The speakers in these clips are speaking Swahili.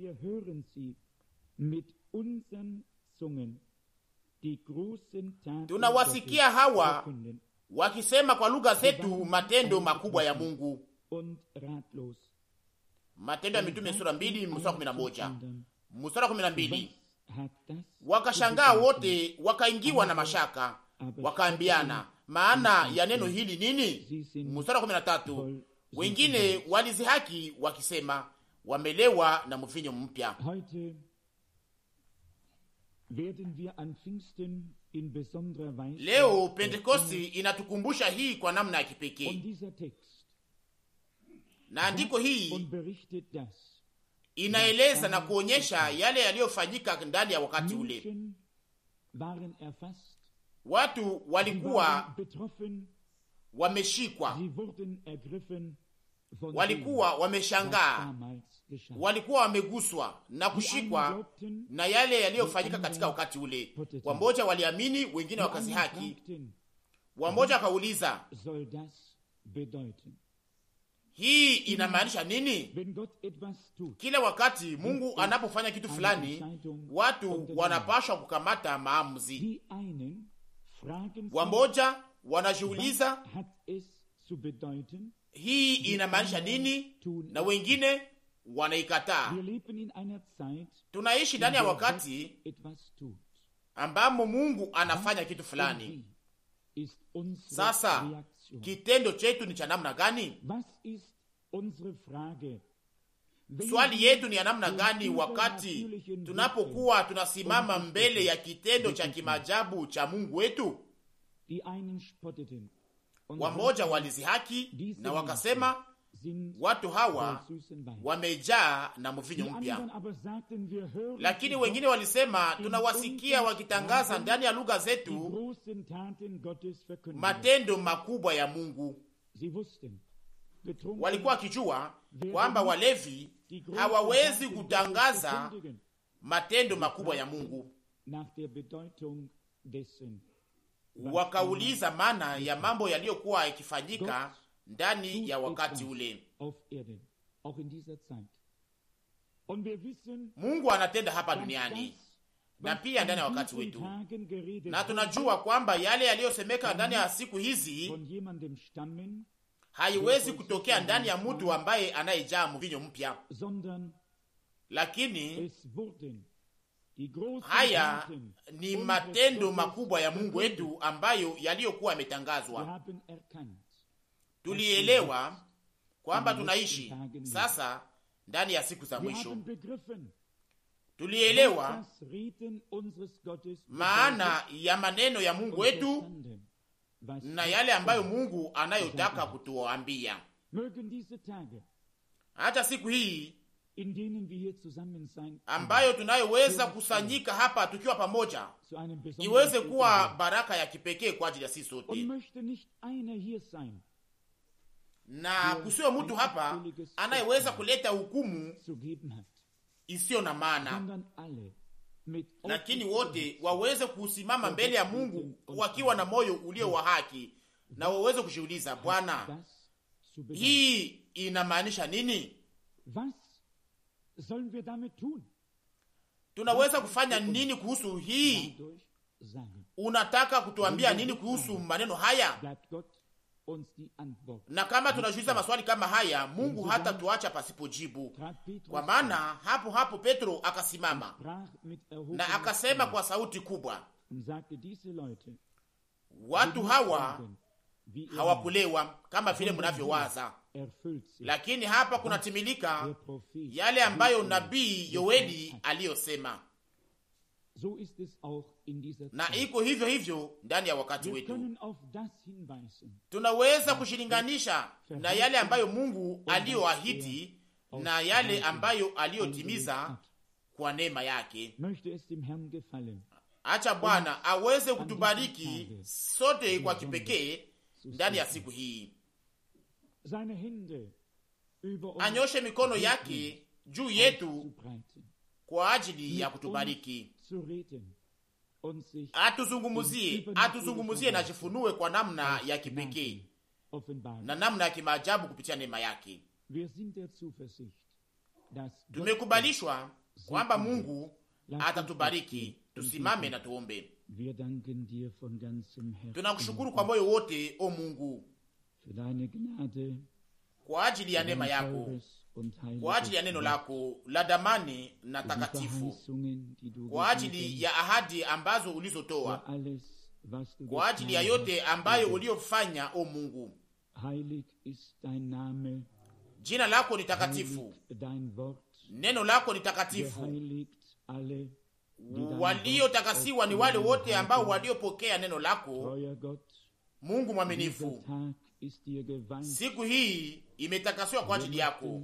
wir hören sie mit unseren Zungen die großen Taten. tunawasikia hawa wakisema kwa lugha zetu matendo makubwa ya Mungu. Matendo ya Mitume sura 2 mstari 11. na moja mstari kumi Wakashangaa wote, wakaingiwa na mashaka, wakaambiana, maana ya neno hili nini? Mstari kumi na tatu Wengine walizihaki wakisema wamelewa na mvinyo mpya. Leo Pentekosti inatukumbusha hii kwa namna ya kipekee, na andiko hii inaeleza na kuonyesha yale yaliyofanyika ndani ya wakati ule. Watu walikuwa wameshikwa walikuwa wameshangaa, walikuwa wameguswa na kushikwa na yale yaliyofanyika katika wakati ule. Wamoja waliamini, wengine wakazihaki. Wamoja wakauliza hii inamaanisha nini? Kila wakati Mungu anapofanya kitu fulani, watu wanapashwa kukamata maamuzi. Wamoja wanajiuliza hii inamaanisha nini, na wengine wanaikataa. Tunaishi ndani ya wakati ambamo Mungu anafanya kitu fulani. Sasa kitendo chetu ni cha namna gani? Swali yetu ni ya namna gani wakati tunapokuwa tunasimama mbele ya kitendo cha kimajabu cha Mungu wetu? wamoja walizihaki na wakasema, watu hawa wamejaa na mvinyo mpya. Lakini wengine walisema, tunawasikia wakitangaza ndani ya lugha zetu matendo makubwa ya Mungu. Walikuwa wakijua kwamba walevi hawawezi kutangaza matendo makubwa ya Mungu wakauliza maana ya mambo yaliyokuwa yakifanyika ndani ya wakati ule. Mungu anatenda hapa duniani na pia ndani ya wakati wetu, na tunajua kwamba yale yaliyosemeka ndani ya siku hizi haiwezi kutokea ndani ya mtu ambaye anayejaa mvinyo mpya, lakini Haya ni matendo makubwa ya Mungu wetu ambayo yaliyokuwa yametangazwa. Tulielewa kwamba tunaishi sasa ndani ya siku za mwisho. Tulielewa maana ya maneno ya Mungu wetu na yale ambayo Mungu anayotaka kutuambia. Hata siku hii ambayo tunayoweza kusanyika hapa tukiwa pamoja iweze kuwa baraka ya kipekee kwa ajili ya sisi sote, na kusiwe mtu hapa anayeweza kuleta hukumu isiyo na maana, lakini wote waweze kusimama mbele ya Mungu wakiwa na moyo ulio wa haki, na waweze kujiuliza, Bwana, hii inamaanisha nini? tunaweza kufanya nini kuhusu hii? Unataka kutuambia nini kuhusu maneno haya? Na kama tunajiuliza maswali kama haya, Mungu hata tuacha pasipo jibu, kwa maana hapo hapo Petro akasimama na akasema kwa sauti kubwa, watu hawa hawakulewa kama vile mnavyowaza, lakini hapa kunatimilika yale ambayo nabii Yoeli aliyosema, na iko hivyo hivyo ndani ya wakati wetu. Tunaweza kushilinganisha na yale ambayo Mungu aliyoahidi na yale ambayo aliyotimiza kwa neema yake. Acha Bwana aweze kutubariki sote kwa kipekee ndani ya siku hii anyoshe mikono yake juu yetu kwa ajili ya kutubariki, atuzungumuzie, atuzungumuzie na jifunue kwa namna ya kipekee na namna ya kimaajabu kupitia neema yake. Tumekubalishwa kwamba Mungu atatubariki. Tusimame na tuombe. Tunakushukuru kwa moyo wote, o Mungu kwa ajili ya neema yako, kwa ajili ya neno lako la damani na takatifu, kwa ajili ya ahadi ambazo ulizotoa, kwa ajili ya yote ambayo uliofanya, o Mungu. Jina lako ni takatifu, neno lako ni takatifu. Waliotakasiwa ni wale wote ambao waliopokea neno lako, Mungu mwaminifu siku hii imetakaswa kwa ajili yako.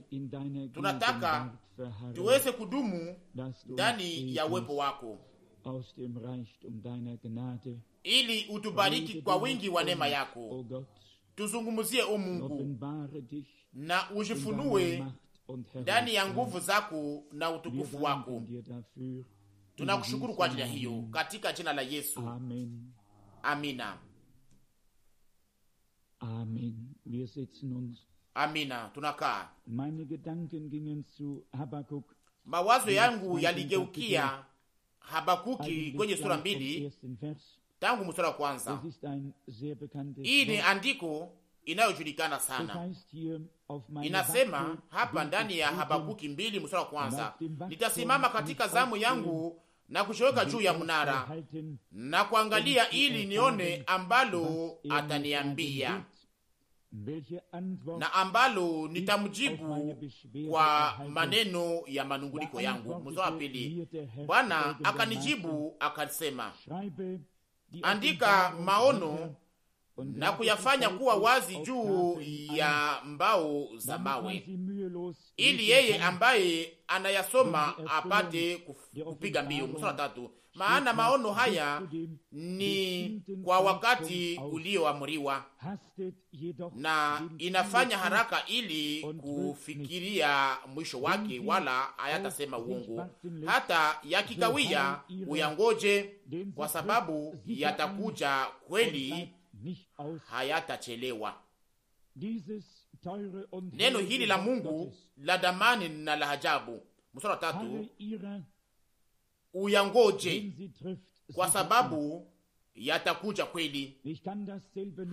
Tunataka tuweze kudumu ndani ya uwepo wako um ili utubariki kwa wingi wa neema yako. Tuzungumzie o Mungu, na ujifunue ndani ya nguvu zako na utukufu wako. Tunakushukuru kwa ajili ya hiyo katika jina la Yesu, amen. Amina. Amen. Wir sitzen uns. Amina, tunakaa. Meine Gedanken gingen zu Habakuk. Mawazo yangu yaligeukia Habakuki kwenye sura mbili tangu mstari wa kwanza. Hii ni andiko inayojulikana sana. Inasema hapa ndani ya Habakuki mbili mstari wa kwanza, nitasimama katika zamu yangu na kushoweka juu ya er mnara na kuangalia, ili nione er ambalo ataniambia na ambalo nitamjibu kwa maneno ya manunguliko yangu. Mstari wa pili, Bwana akanijibu akasema, andika maono na kuyafanya kuwa wazi juu ya mbao za mawe, ili yeye ambaye anayasoma apate kupiga mbio. Mstari wa tatu, maana maono haya ni kwa wakati ulioamriwa, na inafanya haraka ili kufikiria mwisho wake, wala hayatasema uongo. Hata yakikawia, uyangoje, kwa sababu yatakuja kweli, hayatachelewa. Neno hili la Mungu la damani na la ajabu. Mstari wa tatu uyangoje, kwa sababu yatakuja kweli,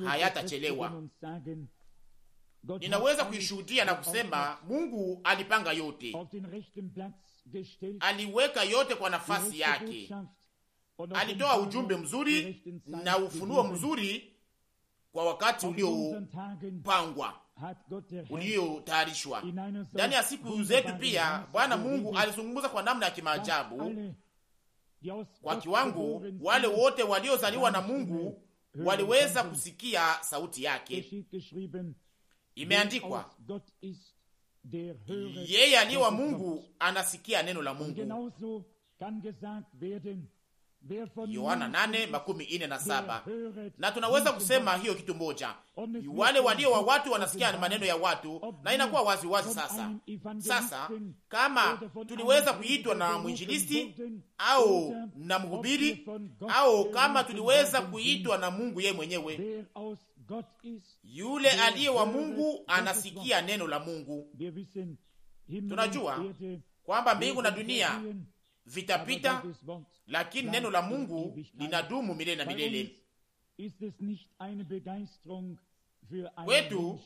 hayatachelewa. Ninaweza kuishuhudia na kusema Mungu alipanga yote, aliweka yote kwa nafasi yake. Alitoa ujumbe mzuri na ufunuo mzuri kwa wakati uliopangwa uliotayarishwa. Ndani ya siku zetu pia Bwana Mungu alizungumza kwa namna ya kimaajabu kwa kiwango wale wote waliozaliwa na Mungu waliweza kusikia sauti yake. Imeandikwa, yeye aliye wa Mungu anasikia neno la Mungu. Yohana nane makumi ine na saba. Na tunaweza kusema hiyo kitu moja, wale walio wa watu wanasikia maneno ya watu na inakuwa wazi wazi. Sasa sasa, kama tuliweza kuitwa na mwinjilisti au na mhubiri au kama tuliweza kuitwa na Mungu yeye mwenyewe, yule aliye wa Mungu anasikia neno la Mungu. Tunajua kwamba mbingu na dunia vitapita, lakini neno la Mungu linadumu milele na milele. Kwetu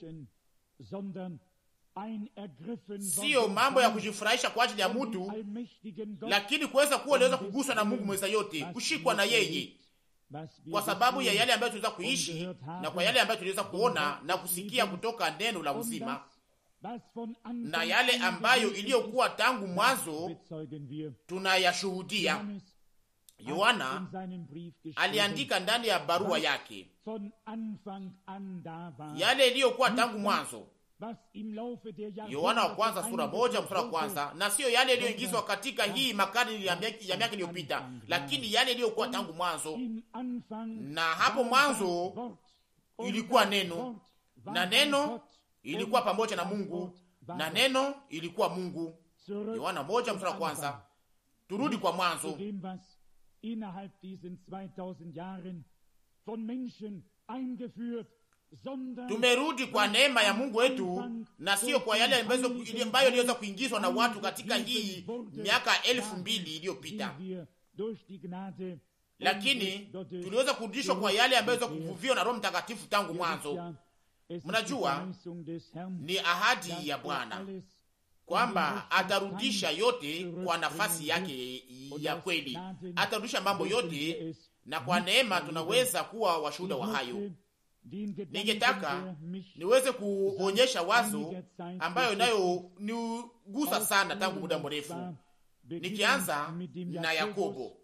siyo mambo ya kujifurahisha kwa ajili ya mutu, lakini kuweza kuwa liweza kuguswa na Mungu mweza yote, kushikwa na yeye kwa sababu ya yale ambayo tuliweza kuishi na kwa yale ambayo tuliweza kuona na kusikia kutoka neno la uzima na yale ambayo iliyokuwa tangu mwanzo tunayashuhudia. Yohana aliandika ndani ya barua yake yale iliyokuwa tangu mwanzo, Yohana wa kwanza sura moja mstari wa kwanza, na siyo yale iliyoingizwa katika hii makari ya miaka iliyopita, lakini yale iliyokuwa tangu mwanzo. Na hapo mwanzo ilikuwa neno na neno ilikuwa pamoja na Mungu na neno ilikuwa Mungu. Yohana moja mstari wa kwanza. Turudi kwa mwanzo tumerudi kwa neema ya Mungu wetu na siyo kwa yale ambayo iliweza kuingizwa na watu katika hii miaka elfu mbili iliyopita, lakini tuliweza kurudishwa kwa yale ambayo iliweza kuvuviwa na Roho Mtakatifu tangu mwanzo Mnajua ni ahadi ya Bwana kwamba atarudisha yote kwa nafasi yake ya kweli, atarudisha mambo yote, na kwa neema tunaweza kuwa washuhuda wa hayo. Ningetaka niweze kuonyesha wazo ambayo nayo nigusa sana tangu muda mrefu, nikianza na Yakobo,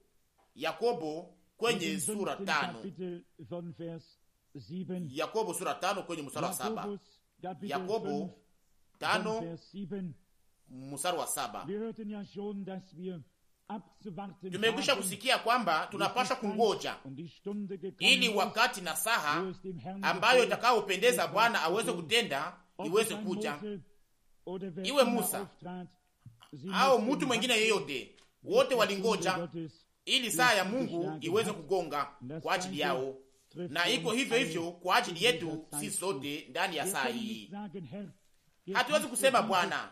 Yakobo kwenye sura tano Yakobo sura tano kwenye mstari wa saba. Yakobo tano mstari wa saba. Tumekwisha kusikia kwamba tunapasha kungoja ili wakati na saha ambayo itakayopendeza Bwana aweze kutenda iweze kuja, iwe Musa au mtu mwengine yeyote, wote walingoja ili saa ya Mungu iweze kugonga kwa ajili yao na iko hivyo hivyo kwa ajili yetu sisi sote ndani ya saa hii. Hatuwezi kusema Bwana,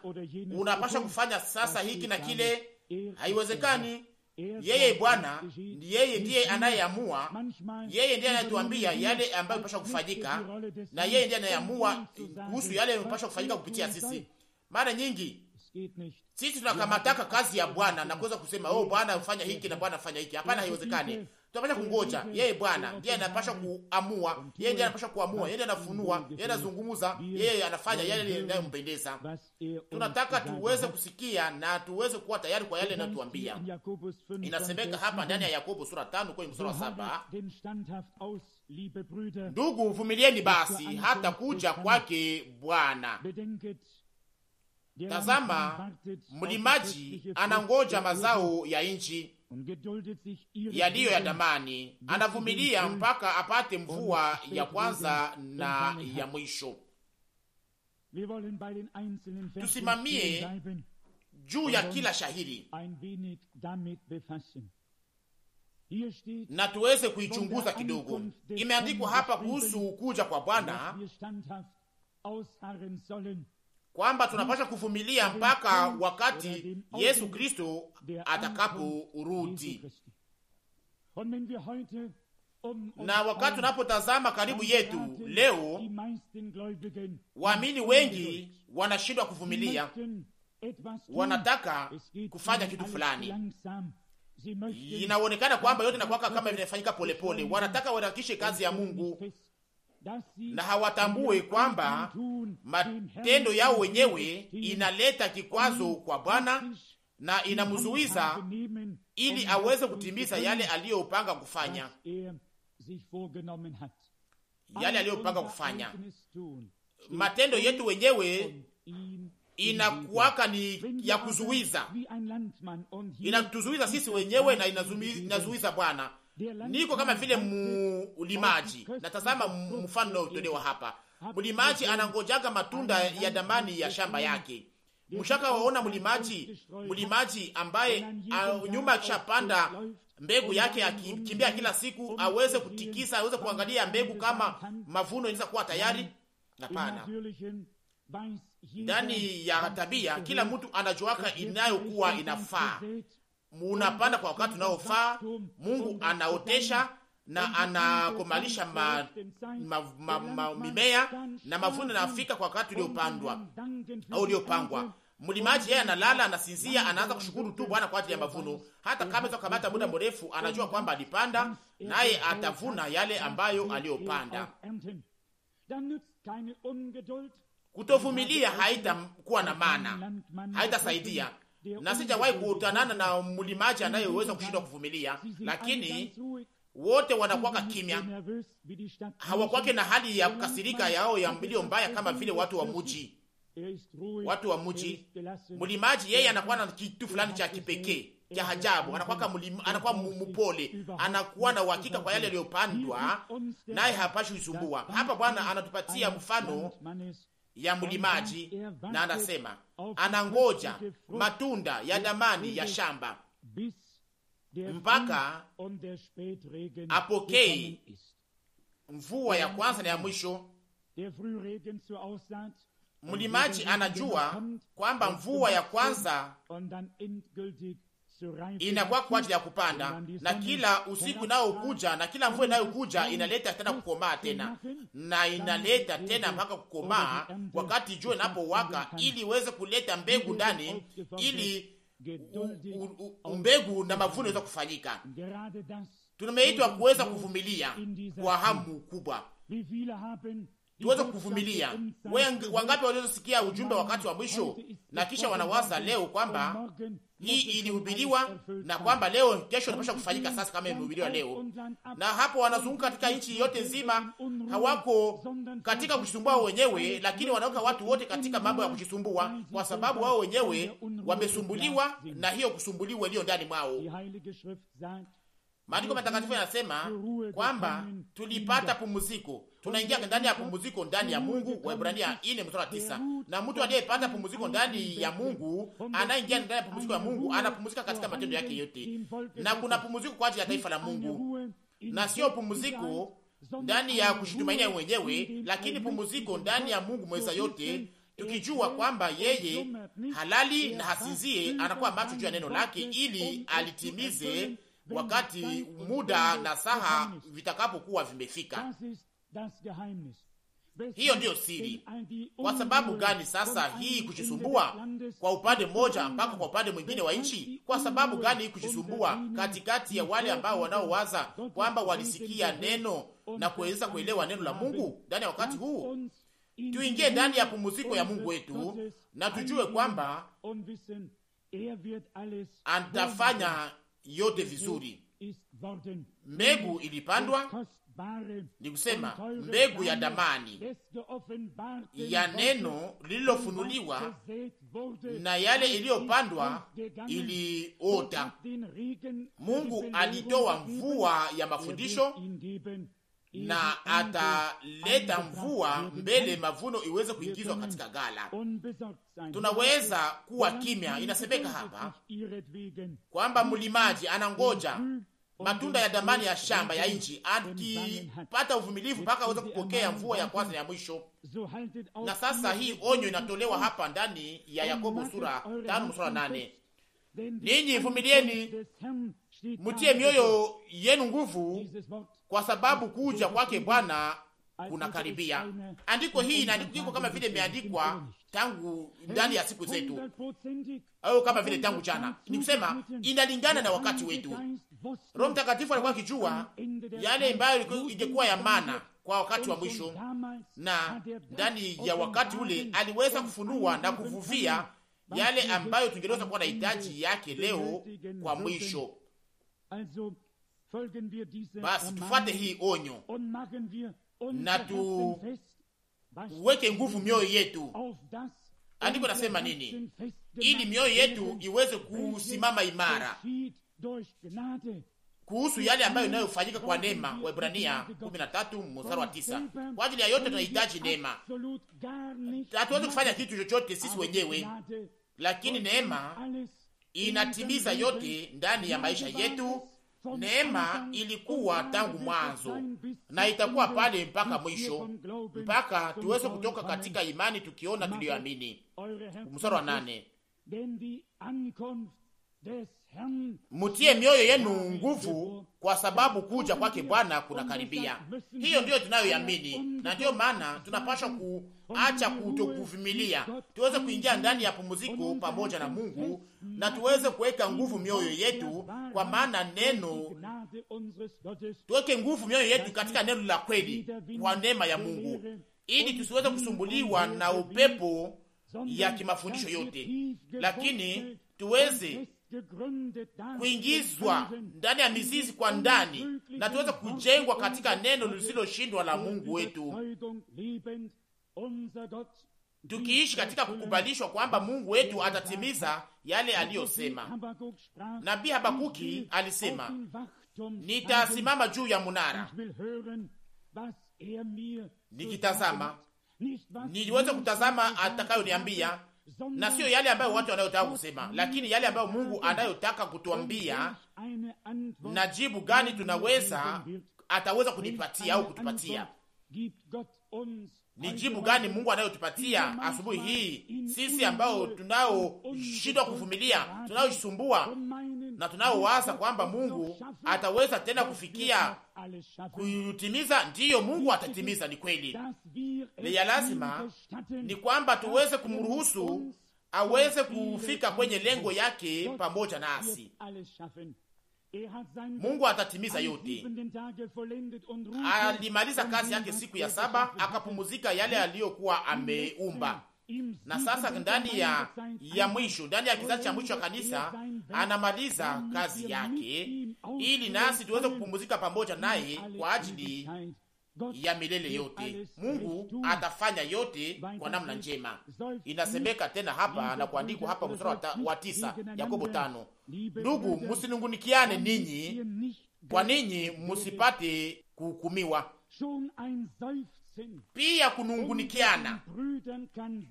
unapasha kufanya sasa hiki na kile, haiwezekani. Yeye Bwana yeye ndiye anayeamua, yeye ndiye anayetuambia yale ambayo pasha kufanyika, na yeye ndiye anayeamua kuhusu yale yanayopasha kufanyika kupitia sisi. Mara nyingi sisi tunakamataka kazi ya Bwana na kuweza kusema oh, Bwana fanya hiki na Bwana fanya hiki. Hapana, haiwezekani tunapasha kungoja yeye. Bwana ndiye anapasha kuamua, yeye ndiye anapasha kuamua, yeye ndiye anafunua, yeye anazungumza, yeye anafanya yale yanayompendeza. Eh, oh, Tunataka tuweze kusikia na tuweze kuwa tayari kwa yale yanayotuambia. Inasemeka hapa ndani ya Yakobo sura tano kwenye mstari wa saba ndugu, vumilieni basi hata kuja kwake Bwana. Tazama, mlimaji anangoja mazao ya nchi yaliyo ya damani, anavumilia mpaka apate mvua ya kwanza na ya mwisho. Tusimamie juu ya kila shahiri na tuweze kuichunguza kidogo. Imeandikwa hapa kuhusu kuja kwa Bwana kwamba tunapasha kuvumilia mpaka wakati Yesu Kristo urudi. Na wakati tunapotazama karibu yetu leo, waamini wengi wanashindwa kuvumilia, wanataka kufanya kitu fulani inaonekana kwamba yote inakuwa kama inafanyika polepole, wanataka waharakishe kazi ya Mungu, na hawatambue kwamba matendo yao wenyewe inaleta kikwazo kwa Bwana na inamzuiza ili aweze kutimiza yale aliyopanga kufanya, yale aliyopanga kufanya. Matendo yetu wenyewe inakuwaka ni ya kuzuiza, inatuzuiza sisi wenyewe na inazuiza Bwana niko kama vile mulimaji. Natazama mfano unaotolewa hapa, mlimaji anangojaga matunda ya damani ya shamba yake. Mshaka waona mlimaji, mlimaji ambaye nyuma akishapanda mbegu yake akikimbia kila siku aweze kutikisa, aweze kuangalia mbegu kama mavuno inaweza kuwa tayari? Hapana. Ndani ya tabia kila mtu anajuaka inayokuwa inafaa munapanda kwa wakati unaofaa. Mungu anaotesha na anakomalisha ma, ma, ma, ma, mimea na mavuno yanafika kwa wakati uliopandwa au uliopangwa. Mlimaji yeye analala, anasinzia, anaanza kushukuru tu Bwana kwa ajili ya mavuno. Hata kama itakamata muda mrefu, anajua kwamba alipanda naye atavuna yale ambayo aliyopanda. Kutovumilia haitakuwa na maana, haitasaidia na sijawahi kutanana na mlimaji anayeweza kushindwa kuvumilia, lakini wote wanakwaka kimya, hawakwake na hali ya kukasirika yao ya mbilio mbaya, kama vile watu wa muji. Watu wa muji, mlimaji yeye anakuwa na kitu fulani cha kipekee cha hajabu anakuwa anakuwa mpole, anakuwa na uhakika kwa yale yaliyopandwa, naye hapashi usumbua. Hapa Bwana anatupatia mfano ya mlimaji, na anasema anangoja matunda ya damani ya shamba mpaka apokei mvua ya kwanza na ya mwisho. Mlimaji anajua kwamba mvua ya kwanza inakuwa kwa ajili ya kupanda, na kila usiku inayokuja na kila mvua inayokuja inaleta tena kukomaa tena na inaleta tena mpaka kukomaa, wakati jua inapowaka, ili iweze kuleta mbegu ndani, ili u, u, mbegu na mavuno iweza kufanyika. Tumeitwa kuweza kuvumilia kwa hamu kubwa tuweze kuvumilia. Wangapi waliosikia ujumbe wakati wa mwisho na kisha wanawaza leo kwamba hii ilihubiriwa na kwamba leo kesho inapaswa kufanyika sasa, kama imehubiriwa leo. Na hapo wanazunguka katika nchi yote nzima, hawako katika kujisumbua wenyewe, lakini wanaweka watu wote katika mambo ya kujisumbua, kwa sababu wao wenyewe wamesumbuliwa na hiyo kusumbuliwa iliyo ndani mwao. Maandiko matakatifu yanasema kwamba tulipata pumziko, tunaingia ndani ya pumziko ndani ya Mungu, Waebrania ine mstari tisa. Na mtu aliyepata pumziko ndani ya Mungu, anaingia ndani ya pumziko ya Mungu anapumzika katika matendo yake yote, na kuna pumziko kwa ajili ya taifa la Mungu, na sio pumziko ndani ya kushitumainia mwenyewe, lakini pumziko ndani ya Mungu mweza yote tukijua kwamba yeye halali na hasinzie, anakuwa macho juu ya neno lake ili alitimize wakati muda na saha vitakapokuwa vimefika. Hiyo ndiyo siri. Kwa sababu gani sasa hii kujisumbua kwa upande mmoja mpaka kwa upande mwingine wa nchi? Kwa sababu gani hii kujisumbua katikati ya wale ambao wanaowaza kwamba walisikia neno na kuweza kuelewa neno la Mungu ndani ya wakati huu? Tuingie ndani ya pumuziko ya Mungu wetu na tujue kwamba um, atafanya yote vizuri. Mbegu ilipandwa, ni kusema mbegu ya damani ya neno lililofunuliwa, na yale iliyopandwa iliota. Mungu alitoa mvua ya mafundisho na ataleta mvua mbele mavuno iweze kuingizwa katika gala. Tunaweza kuwa kimya. Inasemeka hapa kwamba mlimaji anangoja matunda ya damani ya shamba ya nchi, akipata uvumilivu mpaka aweze kupokea mvua ya kwanza ya mwisho. Na sasa hii onyo inatolewa hapa ndani ya Yakobo sura tano mstari nane: ninyi vumilieni mutie mioyo yenu nguvu, kwa sababu kuja kwake Bwana kunakaribia. Uh, andiko hii inaandikwa kama vile imeandikwa tangu ndani ya siku zetu, au kama vile tangu jana, ni kusema inalingana na wakati wetu. Roho Mtakatifu alikuwa akijua yale ambayo ingekuwa ya maana kwa wakati wa mwisho, na ndani ya wakati ule aliweza kufunua na kuvuvia yale ambayo tungeliweza kuwa na hitaji yake leo kwa mwisho basi tufuate hii onyo na tuweke nguvu mioyo yetu. Andiko nasema nini? Ili mioyo yetu iweze kusimama imara kuhusu yale ambayo inayofanyika kwa neema. Waebrania 13 mstari wa 9. Kwa ajili ya yote tunahitaji neema. Hatuwezi kufanya kitu chochote sisi wenyewe, lakini neema inatimiza yote ndani ya maisha yetu. Neema ilikuwa tangu mwanzo na itakuwa pale mpaka mwisho, mpaka tuweze kutoka katika imani tukiona tuliyoamini. Mstari wa nane mutie mioyo yenu nguvu, kwa sababu kuja kwake Bwana kunakaribia. Hiyo ndiyo tunayoyamini, na ndiyo maana tunapaswa kuacha kutokuvumilia, tuweze kuingia ndani ya pumziko pamoja na Mungu na tuweze kuweka nguvu mioyo yetu, kwa maana neno, tuweke nguvu mioyo yetu katika neno la kweli kwa neema ya Mungu, ili tusiweze kusumbuliwa na upepo ya kimafundisho yote, lakini tuweze kuingizwa ndani ya mizizi kwa ndani na tuweze kujengwa katika neno lisiloshindwa la Mungu wetu, tukiishi katika kukubalishwa kwamba Mungu wetu atatimiza yale aliyosema. Nabii Habakuki alisema, nitasimama juu ya munara nikitazama, niweze kutazama atakayoniambia na sio yale ambayo watu wanayotaka kusema, lakini yale ambayo Mungu anayotaka kutuambia, na jibu gani tunaweza ataweza kunipatia au kutupatia ni jibu gani Mungu anayotupatia asubuhi hii, sisi ambao tunao shindwa kuvumilia, tunayosumbua na tunaowaza kwamba Mungu ataweza tena kufikia kutimiza, ndiyo Mungu atatimiza. Ni kweli, ya lazima ni kwamba tuweze kumruhusu aweze kufika kwenye lengo yake pamoja nasi. Er Mungu atatimiza yote. Alimaliza kazi yake siku ya saba, akapumuzika yale aliyokuwa ameumba na sasa ndani ya ya mwisho, ndani ya kizazi cha mwisho ya kanisa anamaliza kazi yake, ili nasi tuweze kupumzika pamoja naye kwa ajili ya milele yote. Mungu atafanya yote kwa namna njema. Inasemeka tena hapa na kuandikwa hapa mstari wa tisa, Yakobo tano: ndugu musinungunikiane ninyi kwa ninyi musipate kuhukumiwa. Pia kunungunikiana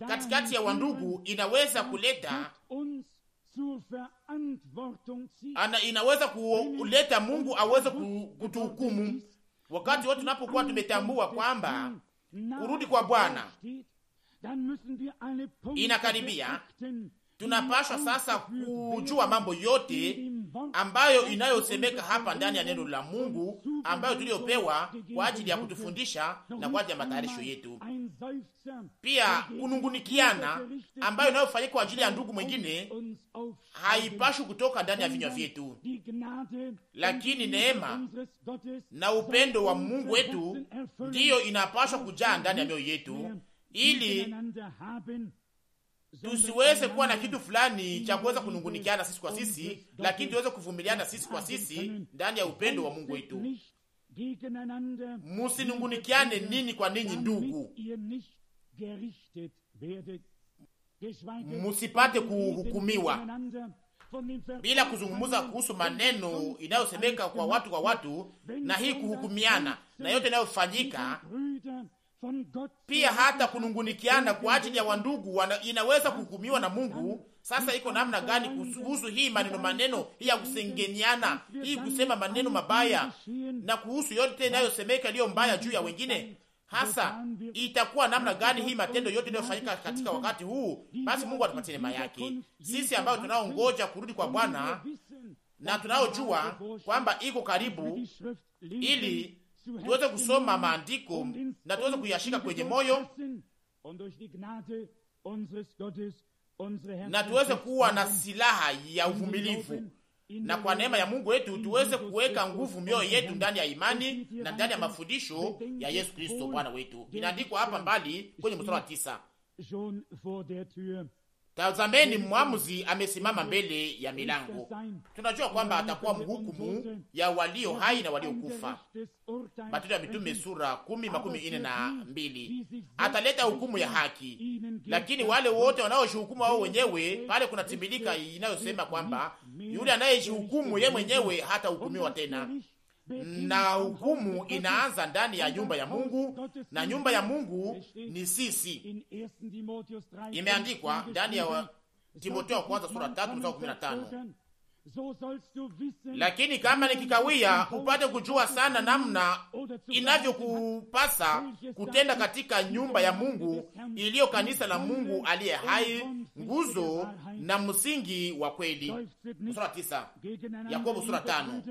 katikati ya wandugu inaweza kuleta ana, inaweza kuleta Mungu aweze kutuhukumu wakati wote tunapokuwa tumetambua kwamba kurudi kwa Bwana inakaribia. Tunapashwa sasa kujua mambo yote ambayo inayosemeka hapa ndani ya neno la Mungu ambayo tuliyopewa kwa ajili ya kutufundisha na kwa ajili ya matayarisho yetu, pia kunungunikiana ambayo inayofanyika kwa ajili ya ndugu mwengine haipashwi kutoka ndani ya vinywa vyetu, lakini neema na upendo wa Mungu wetu ndiyo inapashwa kujaa ndani ya mioyo yetu ili tusiweze kuwa na kitu fulani cha kuweza kunungunikiana sisi kwa sisi, lakini tuweze kuvumiliana sisi kwa sisi ndani ya upendo wa Mungu wetu. Musinungunikiane nini kwa ninyi, ndugu, musipate kuhukumiwa bila kuzungumza kuhusu maneno inayosemeka kwa watu kwa watu, na hii kuhukumiana na yote inayofanyika pia hata kunungunikiana kwa ajili ya wandugu inaweza kuhukumiwa na Mungu. Sasa iko namna gani kuhusu hii maneno maneno hii ya kusengeniana hii kusema maneno mabaya na kuhusu yote inayosemeka iliyo mbaya juu ya wengine? Hasa itakuwa namna gani hii matendo yote inayofanyika katika wakati huu? Basi Mungu atupatie neema yake sisi ambayo tunaongoja kurudi kwa Bwana na tunaojua kwamba iko karibu, ili tuweze kusoma maandiko na tuweze kuyashika kwenye moyo na tuweze kuwa na silaha ya uvumilivu na kwa neema ya Mungu wetu tuweze kuweka nguvu mioyo yetu ndani ya imani na ndani ya mafundisho ya Yesu Kristo Bwana wetu. Inaandikwa hapa mbali kwenye mstari wa tisa. Tazameni, mwamuzi amesimama mbele ya milango. Tunajua kwamba atakuwa mhukumu ya walio hai na waliokufa. Matendo ya Mitume sura kumi makumi ine na mbili. Ataleta hukumu ya haki, lakini wale wote wanaojihukumu wao wenyewe, pale kuna timbilika inayosema kwamba yule anayejihukumu ye mwenyewe hata hukumiwa tena na hukumu inaanza ndani ya nyumba ya Mungu, na nyumba ya Mungu ni sisi. Imeandikwa ndani ya Timotheo wa kwanza sura tatu mstari kumi na tano. Lakini kama nikikawia, upate kujua sana namna inavyokupasa kutenda katika nyumba ya Mungu iliyo kanisa la Mungu aliye hai, nguzo na msingi wa kweli. Sura tisa, Yakobo sura tano.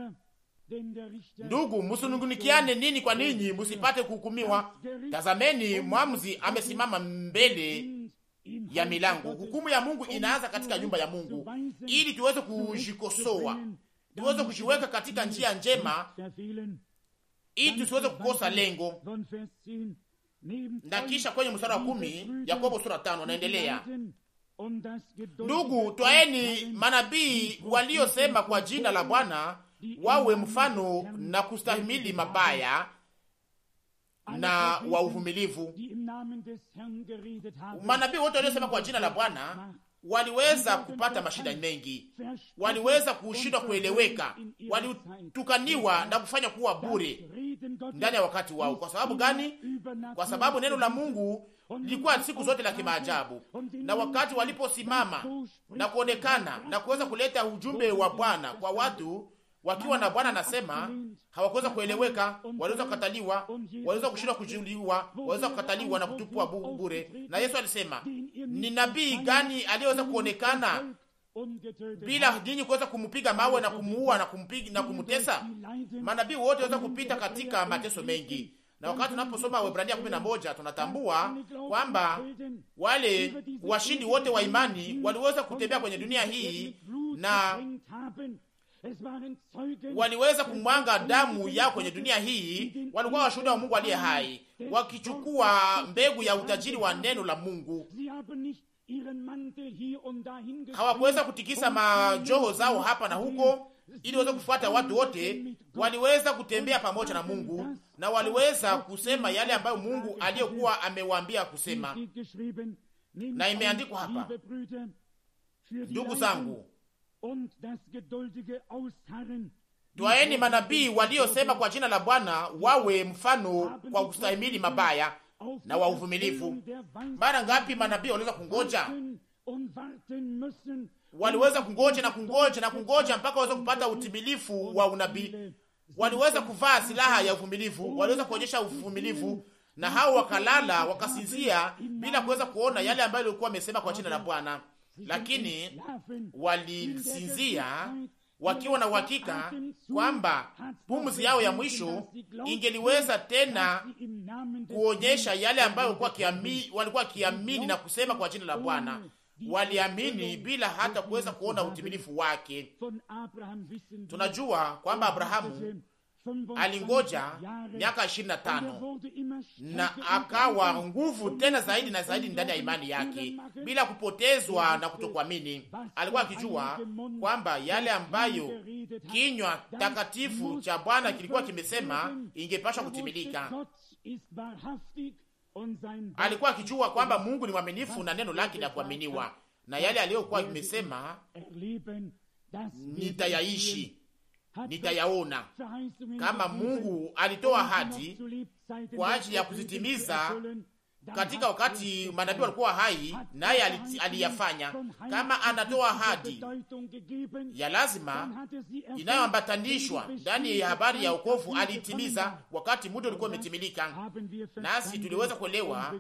Ndugu, musunungunikiane nini kwa ninyi, musipate kuhukumiwa. Tazameni, mwamuzi amesimama mbele ya milango. Hukumu ya Mungu inaanza katika nyumba ya Mungu, ili tuweze kujikosoa, tuweze kujiweka katika njia njema, ili tusiweze kukosa lengo. Na kisha kwenye mstari wa kumi, Yakobo sura tano, naendelea ndugu, twaeni manabii waliosema kwa jina la Bwana wawe mfano na kustahimili mabaya na wa uvumilivu. Manabii wote waliosema kwa jina la Bwana waliweza kupata mashida mengi, waliweza kushindwa kueleweka, walitukaniwa na kufanya kuwa bure ndani ya wakati wao. Kwa sababu gani? Kwa sababu neno la Mungu lilikuwa siku zote la kimaajabu, na wakati waliposimama na kuonekana na kuweza kuleta ujumbe wa Bwana kwa watu wakiwa na Bwana anasema hawakuweza kueleweka, waliweza kukataliwa, waliweza kushindwa kujuliwa, waliweza kukataliwa na kutupwa bure. Na Yesu alisema ni nabii gani aliyeweza kuonekana bila nyinyi kuweza kumpiga mawe na kumuua na kumpiga na kumtesa? Manabii wote waweza kupita katika mateso mengi, na wakati tunaposoma Waebrania moja tunatambua kwamba wale washindi wote wa imani waliweza kutembea kwenye dunia hii na waliweza kumwanga damu yao kwenye dunia hii, walikuwa washuhuda wa Mungu aliye hai, wakichukua mbegu ya utajiri wa neno la Mungu. Hawakuweza kutikisa majoho zao hapa na huko ili waweze kufuata watu wote. Waliweza kutembea pamoja na Mungu na waliweza kusema yale ambayo Mungu aliyokuwa amewaambia kusema, na imeandikwa hapa, ndugu zangu Twaeni manabii waliosema kwa jina la Bwana wawe mfano kwa kustahimili mabaya na wa uvumilivu. Mara ngapi manabii waliweza kungoja, waliweza kungoja na kungoja na kungoja mpaka waweze kupata utimilifu wa unabii. Waliweza kuvaa silaha ya uvumilivu, waliweza kuonyesha uvumilivu, na hao wakalala wakasinzia bila kuweza kuona yale ambayo alikuwa amesema kwa jina la Bwana lakini walisinzia wakiwa na uhakika kwamba pumzi yao ya mwisho ingeliweza tena kuonyesha yale ambayo walikuwa wakiamini na kusema kwa jina la Bwana. Waliamini bila hata kuweza kuona utimilifu wake. Tunajua kwamba Abrahamu alingoja miaka ishirini na tano na akawa nguvu tena zaidi na zaidi ndani ya imani yake bila kupotezwa na kutokuamini. Alikuwa akijua kwamba yale ambayo kinywa takatifu cha Bwana kilikuwa kimesema ingepashwa kutimilika. Alikuwa akijua kwamba Mungu ni mwaminifu na neno lake la kuaminiwa, na yale aliyokuwa imesema nitayaishi nitayaona. Kama Mungu alitoa hadi kwa ajili ya kuzitimiza katika wakati manabii walikuwa hai, naye aliyafanya. Kama anatoa hadi ya lazima inayoambatanishwa ndani ya habari ya wokovu, aliitimiza wakati muda ulikuwa umetimilika, nasi tuliweza kuelewa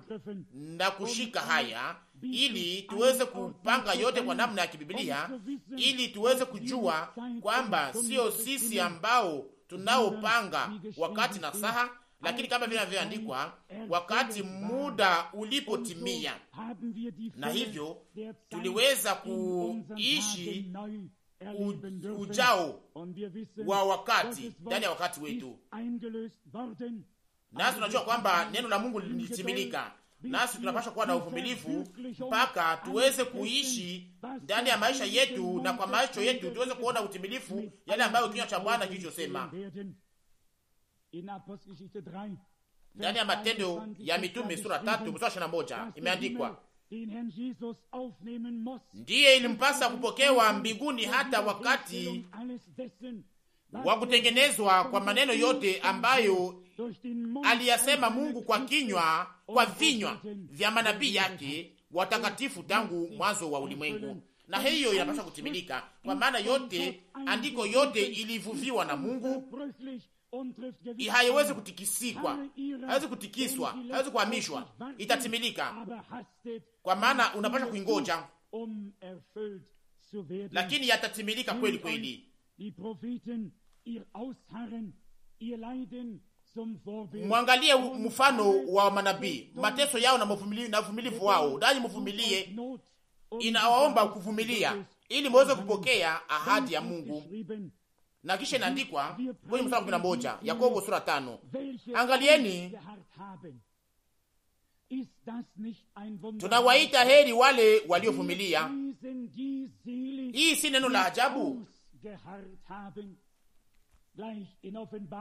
na kushika haya ili tuweze kupanga yote kwa namna ya kibibilia, ili tuweze kujua kwamba sio sisi ambao tunaopanga wakati na saha, lakini kama vile vinavyoandikwa, wakati muda ulipotimia. Na hivyo tuliweza kuishi ujao wa wakati ndani ya wakati wetu, nasi tunajua kwamba neno la Mungu lilitimilika nasi tunapaswa kuwa na uvumilivu mpaka tuweze kuishi ndani ya maisha yetu, na kwa macho yetu tuweze kuona utimilifu yale ambayo kinywa cha Bwana kilichosema ndani ya Matendo ya Mitume sura tatu mstari ishirini na moja imeandikwa, ndiye ilimpasa kupokewa mbinguni hata wakati wa kutengenezwa kwa maneno yote ambayo aliyasema Mungu kwa kinywa, kwa vinywa vya manabii yake watakatifu tangu mwanzo wa ulimwengu. Na hiyo inapaswa kutimilika, kwa maana yote andiko yote ilivuviwa na Mungu, haiwezi kutikisikwa, haiwezi kutikiswa, haiwezi kuhamishwa, itatimilika, kwa maana unapaswa kuingoja, lakini yatatimilika kweli kweli Mwangalie mfano wa manabii, mateso yao na vumilivu wao, nanyi mvumilie. Inawaomba kuvumilia ili muweze kupokea ahadi ya Mungu. Na kisha inaandikwa kwenye mstari kumi na moja Yakobo sura tano, angalieni tunawaita heri wale waliovumilia. Hii si neno la ajabu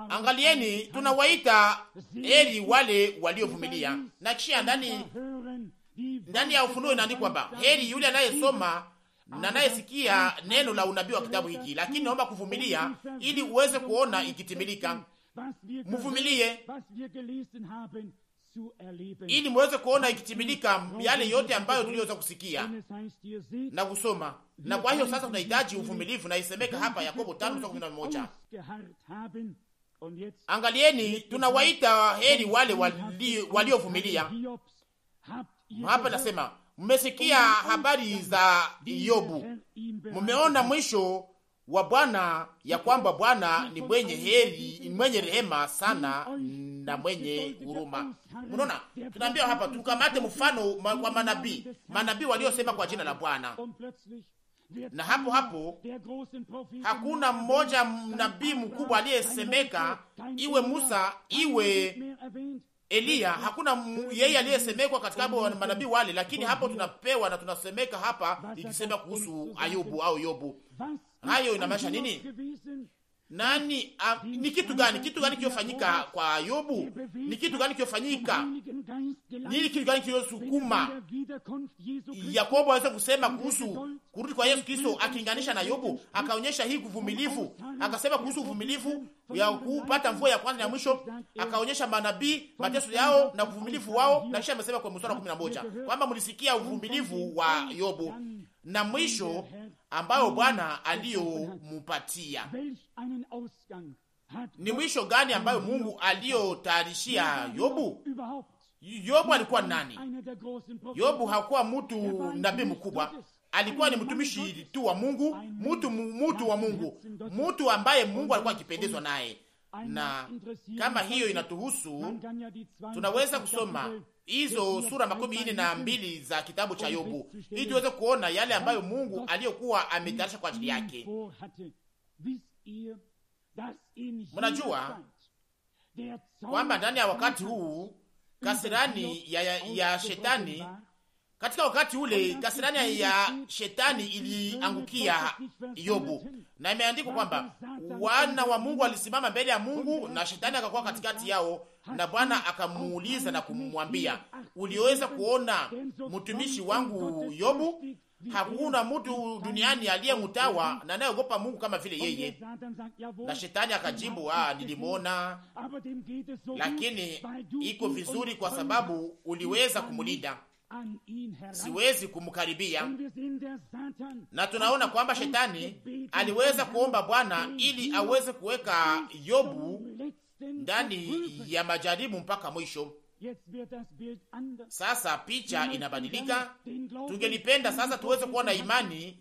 Angalieni, tunawaita heri wale waliovumilia. Na kisha ndani ndani ya Ufunuo inaandikwa kwamba heri yule anayesoma na anayesikia neno la unabii wa kitabu hiki, lakini naomba kuvumilia ili uweze kuona ikitimilika. Mvumilie ili muweze kuona ikitimilika yale yote ambayo tuliweza kusikia na kusoma. Na kwa hiyo sasa tunahitaji uvumilivu, na isemeka hapa Yakobo tano angalieni, tunawaita heri wale waliovumilia. Hapa nasema mmesikia habari za Yobu, mmeona mwisho wa Bwana, ya kwamba Bwana ni mwenye heri, mwenye rehema sana na mwenye huruma. Unaona, tunaambia hapa tukamate mfano wa manabii, manabii waliosema kwa jina la Bwana, na hapo hapo hakuna mmoja nabii mkubwa aliyesemeka, iwe Musa iwe Eliya, hakuna yeye aliyesemekwa katika manabii wale, lakini hapo tunapewa na tunasemeka hapa ikisema kuhusu Ayubu au Yobu. Hayo inamaanisha nini? Nani a, ah, ni kitu gani? Kitu gani kiofanyika kwa Ayubu? Ni kitu gani kiofanyika? Nini kitu gani kiosukuma Yakobo aweze kusema kuhusu kurudi kwa Yesu Kristo, akiinganisha na Ayubu, akaonyesha hii kuvumilivu, akasema kuhusu uvumilivu ya kupata mvua ya kwanza na mwisho, akaonyesha manabii mateso yao na uvumilivu wao, na kisha amesema kwa mstari wa 11 kwamba mlisikia uvumilivu wa Ayubu na mwisho ambayo Bwana aliyomupatia. Ni mwisho gani ambayo Mungu aliyotayarishia Yobu? Yobu alikuwa nani? Yobu hakuwa mtu nabii mkubwa, alikuwa ni mtumishi tu wa Mungu, mtu mtu wa Mungu, mtu ambaye Mungu alikuwa akipendezwa naye. Na kama hiyo inatuhusu, tunaweza kusoma hizo sura makumi ine na mbili za kitabu cha Yobu ili tuweze kuona yale ambayo Mungu aliyokuwa ametayarisha kwa ajili yake. Mnajua kwamba ndani ya wakati huu kasirani ya, ya, ya shetani katika wakati ule kasirani ya shetani iliangukia Yobu, na imeandikwa kwamba wana wa Mungu walisimama mbele ya Mungu na shetani akakuwa katikati yao na Bwana akamuuliza na kumwambia, uliweza kuona mtumishi wangu Yobu? Hakuna mtu duniani aliyemtawa na anayeogopa Mungu kama vile yeye. Na shetani akajibu, ah, nilimwona, lakini iko vizuri kwa sababu uliweza kumulinda siwezi kumkaribia. Na tunaona kwamba shetani aliweza kuomba Bwana ili aweze kuweka Yobu ndani ya majaribu mpaka mwisho. Sasa picha inabadilika. Tungelipenda sasa tuweze kuwa na imani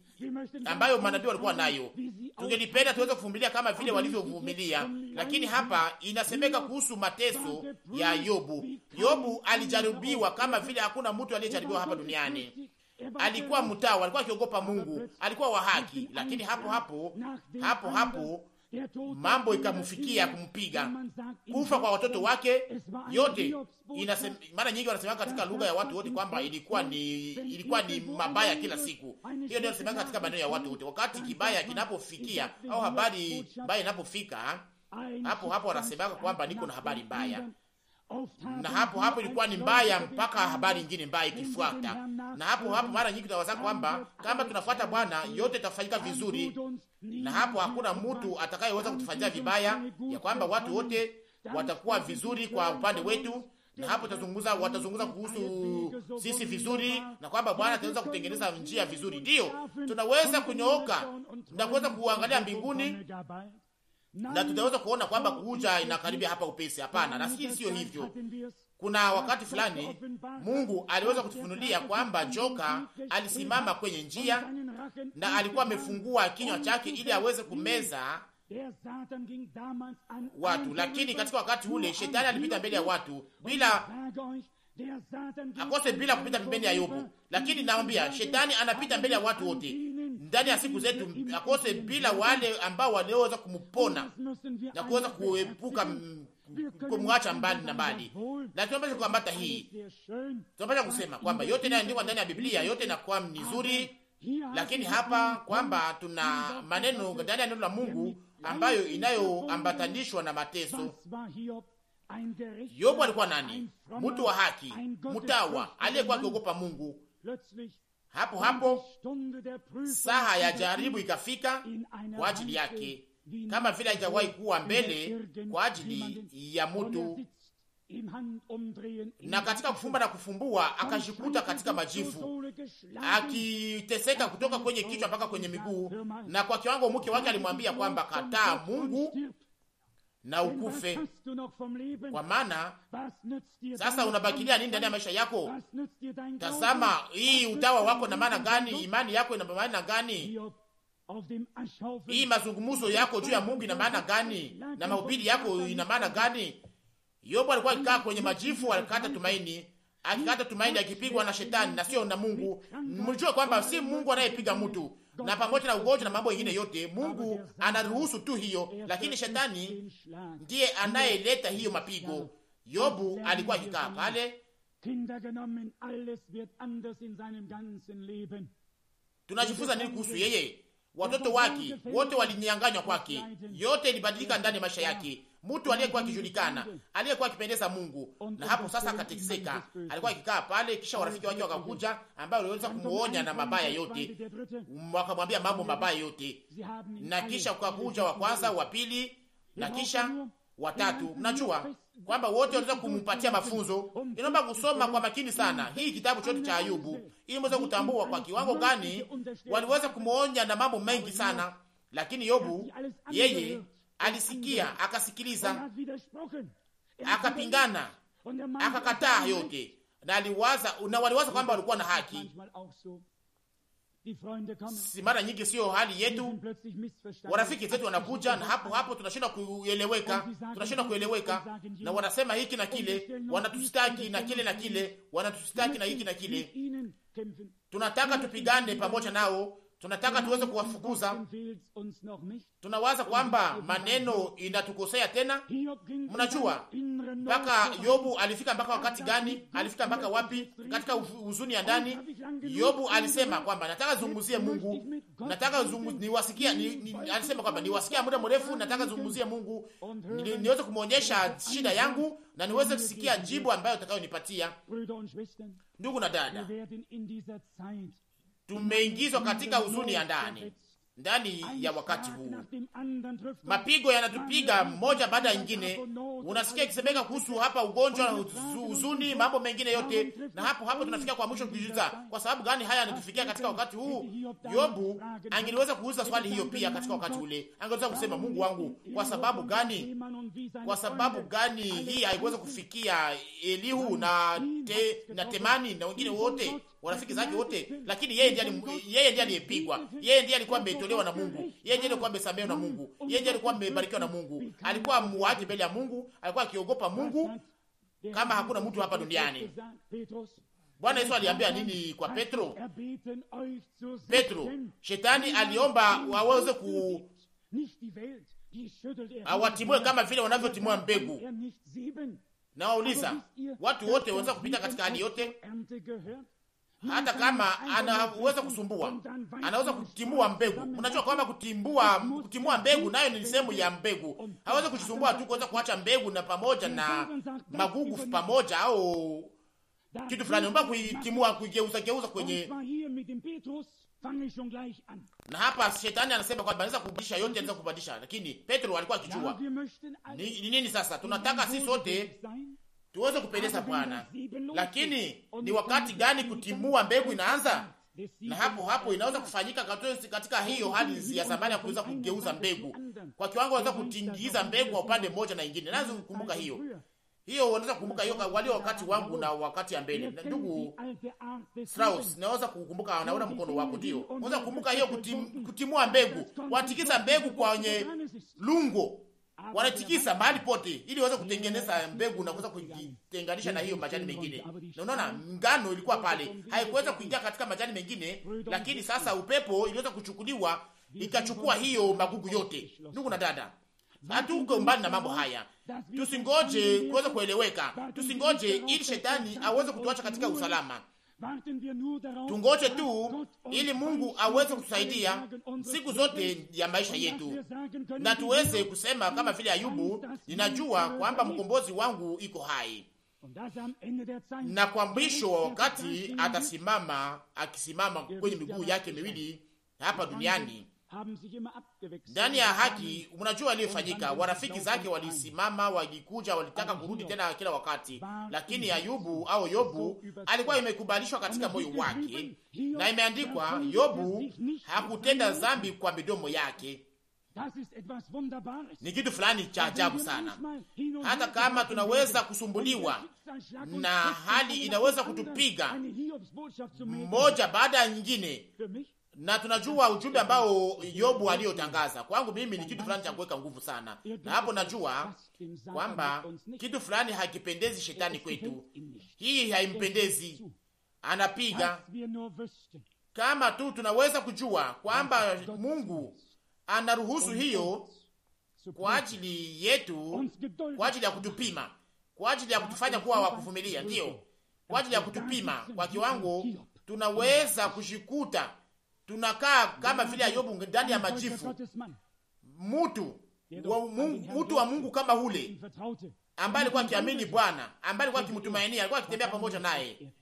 ambayo manabii walikuwa nayo, tungelipenda tuweze kuvumilia kama vile walivyovumilia. Lakini hapa inasemeka kuhusu mateso ya Yobu. Yobu alijaribiwa kama vile hakuna mtu aliyejaribiwa hapa duniani. Alikuwa mtawa, alikuwa akiogopa Mungu, alikuwa wa haki, lakini hapo hapo hapo hapo mambo ikamfikia kumpiga, kufa kwa watoto wake yote. mara nyingi wanasemaka katika lugha ya watu wote kwamba ilikuwa ni ilikuwa ni mabaya kila siku. Hiyo ndio inasemeka katika maneno ya watu wote. Wakati kibaya kinapofikia au habari mbaya inapofika, hapo hapo wanasemaka kwamba niko na habari mbaya na hapo hapo ilikuwa ni mbaya mpaka habari nyingine mbaya ikifuata, na hapo hapo mara nyingi tunawaza kwamba kama tunafuata Bwana yote itafanyika vizuri, na hapo hakuna mtu atakayeweza kutufanyia vibaya, ya kwamba watu wote watakuwa vizuri kwa upande wetu, na hapo tazunguza watazunguza kuhusu sisi vizuri, na kwamba Bwana ataweza kutengeneza njia vizuri. Ndiyo tunaweza kunyooka na kuweza kuangalia mbinguni na tutaweza kuona kwamba kuja inakaribia hapa upesi. Hapana, nafikiri siyo hivyo. Kuna wakati fulani Mungu aliweza kutufunulia kwamba joka alisimama kwenye njia na alikuwa amefungua kinywa chake ili aweze kumeza watu, lakini katika wakati ule shetani alipita mbele ya watu bila akose, bila kupita pembeni ya Yobu. Lakini naambia shetani anapita mbele ya watu wote ndani ya siku zetu, akose bila wale ambao walioweza kumpona na kuweza kuepuka kumwacha mbali na mbali. Na tunapasha kuambata hii, tunapasha kusema kwamba yote inayoandikwa ndani ya Biblia yote inakuwa nzuri, lakini hapa kwamba tuna maneno ndani ya neno la Mungu ambayo inayoambatanishwa na mateso. Yobu alikuwa nani? Mtu wa haki, mtawa aliyekuwa akiogopa Mungu hapo hapo saha ya jaribu ikafika kwa ajili yake, kama vile haijawahi kuwa mbele kwa ajili ya mutu, na katika kufumba na kufumbua akashikuta katika majivu, akiteseka kutoka kwenye kichwa mpaka kwenye miguu, na kwa kiwango mke wake alimwambia kwamba kataa Mungu na ukufe, kwa maana sasa unabakilia nini ndani ya maisha yako? Tazama hii utawa wako na maana gani? Imani yako ina maana gani? Hii mazungumzo yako juu ya Mungu ina maana gani? Na mahubiri yako ina maana gani? Yobu alikuwa akikaa kwenye majivu, alikata tumaini, akikata tumaini, akipigwa na shetani na sio na Mungu. Mjue kwamba si Mungu anayepiga mtu na pamoja na ugonjwa na mambo mengine yote, Mungu anaruhusu tu hiyo, lakini shetani ndiye anayeleta hiyo mapigo. Yobu alikuwa akikaa pale tunajifunza nini kuhusu yeye? Watoto wake wote walinyanganywa kwake, yote ilibadilika ndani ya maisha yake mtu aliyekuwa akijulikana, aliyekuwa akipendeza Mungu. Na hapo sasa akateseka. alikuwa akikaa pale, kisha warafiki wake wakakuja, ambao waliweza kumuonya na mabaya yote, wakamwambia mambo mabaya yote, na kisha ukakuja wa kwanza, wa pili na kisha watatu. Mnajua kwamba wote waliweza kumpatia mafunzo. Inaomba kusoma kwa makini sana hii kitabu chote cha Ayubu ili mweze kutambua kwa kiwango gani waliweza kumwonya na mambo mengi sana, lakini Yobu yeye alisikia, akasikiliza, akapingana, akakataa yote, na aliwaza na waliwaza kwamba walikuwa na haki. Si mara nyingi sio hali yetu, warafiki zetu wanakuja na hapo hapo tunashindwa kueleweka, tunashindwa kueleweka, na wanasema hiki na kile, wanatustaki na kile na kile, wanatustaki na hiki na kile. Tunataka tupigane pamoja nao, tunataka tuweze kuwafukuza. Tunawaza kwamba maneno inatukosea tena. Mnajua mpaka Yobu alifika mpaka wakati gani? Alifika mpaka wapi? Katika huzuni ya ndani, Yobu alisema kwamba nataka zungumzie Mungu, nataka niwasikia ni, ni, alisema kwamba niwasikia muda mrefu, nataka zungumzie Mungu ni, niweze kumwonyesha shida yangu na niweze kusikia jibu ambayo utakayonipatia. Ndugu na dada tumeingizwa katika huzuni ya ndani ndani ya wakati huu, mapigo yanatupiga moja baada ya nyingine. Unasikia ikisemeka kuhusu hapa ugonjwa na huzuni, mambo mengine yote, na hapo hapo tunafikia kwa mwisho kujiuliza, kwa sababu gani haya yanatufikia katika wakati huu? Yobu angeliweza kuuliza swali hiyo pia katika wakati ule, angeweza kusema Mungu wangu, kwa sababu gani, kwa sababu gani hii haikuweza kufikia Elihu na te, na Temani na wengine wote warafiki zake wote, lakini yeye ndiye yeye ndiye aliyepigwa. Yeye ndiye alikuwa ametolewa na Mungu. Yeye ndiye alikuwa amesamehewa na Mungu. Yeye ndiye alikuwa amebarikiwa na Mungu. Alikuwa muaji mbele ya Mungu, alikuwa akiogopa Mungu kama hakuna mtu hapa duniani. Bwana Yesu aliambia nini kwa Petro? Petro, shetani aliomba waweze ku awatimue kama vile wanavyotimua mbegu. Nawauliza, watu wote wanaweza kupita katika hali yote? hata kama anaweza kusumbua, anaweza kutimua mbegu. Unajua kwamba kutimbua kutimua mbegu nayo ni sehemu ya mbegu. Hawezi kujisumbua tu kuweza kuacha mbegu na pamoja na magugu pamoja au kitu fulani, omba kuitimua, kuigeuza geuza kwenye na hapa shetani anasema kwamba anaweza kubadilisha yote, anaweza kubadilisha, lakini Petro alikuwa akijua ni nini. Sasa tunataka sisi sote tuweze kupendeza Bwana. Lakini ni wakati gani kutimua mbegu inaanza? Na hapo hapo inaweza kufanyika katika hiyo hali ya zamani ya kuweza kugeuza mbegu kwa kiwango, waweza kutingiza mbegu kwa upande mmoja na ingine. Naweza kukumbuka hiyo hiyo, unaweza kukumbuka hiyo walio wakati wangu na wakati ya mbele. Ndugu Strauss, naweza kukumbuka, naona mkono wako ndio. Unaweza kukumbuka hiyo kutim, kutimua mbegu, watikiza mbegu kwenye lungo wanatikisa mahali pote, ili waweze kutengeneza mbegu na kuweza kujitenganisha na hiyo majani mengine. Na unaona ngano ilikuwa pale, haikuweza kuingia katika majani mengine, lakini sasa upepo iliweza kuchukuliwa, ikachukua hiyo magugu yote. Ndugu na dada, hatuko mbali na mambo haya. Tusingoje kuweza kueleweka, tusingoje ili shetani aweze kutuacha katika usalama. Tungoje tu ili Mungu aweze kutusaidia siku zote ya maisha yetu, na tuweze kusema kama vile Ayubu, ninajua kwamba mkombozi wangu iko hai, na kwa mwisho wa wakati atasimama, akisimama kwenye miguu yake miwili hapa duniani ndani ya haki. Mnajua aliyofanyika, warafiki zake walisimama, walikuja, walitaka kurudi tena kila wakati, lakini Ayubu au Yobu alikuwa imekubalishwa katika moyo wake, na imeandikwa, Yobu hakutenda dhambi kwa midomo yake. Ni kitu fulani cha ajabu sana. Hata kama tunaweza kusumbuliwa na hali inaweza kutupiga mmoja baada ya nyingine, na tunajua ujumbe ambao Yobu aliyotangaza. Kwangu mimi ni kitu fulani cha kuweka nguvu sana, na hapo najua kwamba kitu fulani hakipendezi shetani kwetu, hii haimpendezi, anapiga. Kama tu tunaweza kujua kwamba Mungu anaruhusu hiyo kwa ajili yetu, kwa ajili ya kutupima, kwa ajili ya kutufanya kuwa wa kuvumilia, ndiyo, kwa ajili ya kutupima kwa kiwango tunaweza kushikuta tunakaa kama vile Ayubu ndani ya majifu, mtu wa Mungu, mtu wa Mungu kama hule ambaye alikuwa akiamini Bwana, ambaye alikuwa akimtumainia, alikuwa akitembea pamoja naye,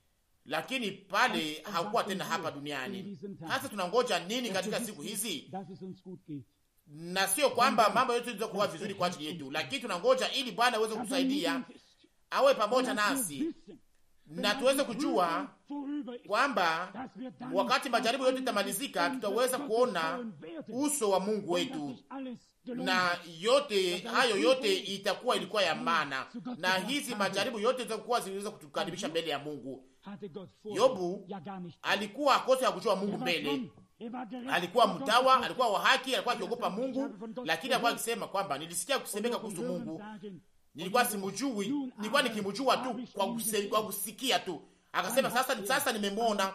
lakini pale hakuwa tena hapa duniani. Hasa tunangoja nini katika siku hizi? Na sio kwamba mambo yote kuwa vizuri kwa ajili yetu, lakini tunangoja ili Bwana aweze kutusaidia, awe pamoja nasi na tuweze kujua kwamba wakati majaribu yote itamalizika, tutaweza kuona uso wa Mungu wetu, na yote hayo yote itakuwa ilikuwa ya maana, na hizi majaribu yote zitakuwa ziliweza kutukaribisha mbele ya Mungu. Yobu alikuwa akosa ya kujua Mungu mbele alikuwa mtawa, alikuwa wa haki, alikuwa akiogopa Mungu, lakini alikuwa akisema kwamba nilisikia kusemeka kuhusu Mungu, nilikuwa simujui, nilikuwa nikimjua tu kwa kwa kusikia tu. Akasema sasa, sasa nimemwona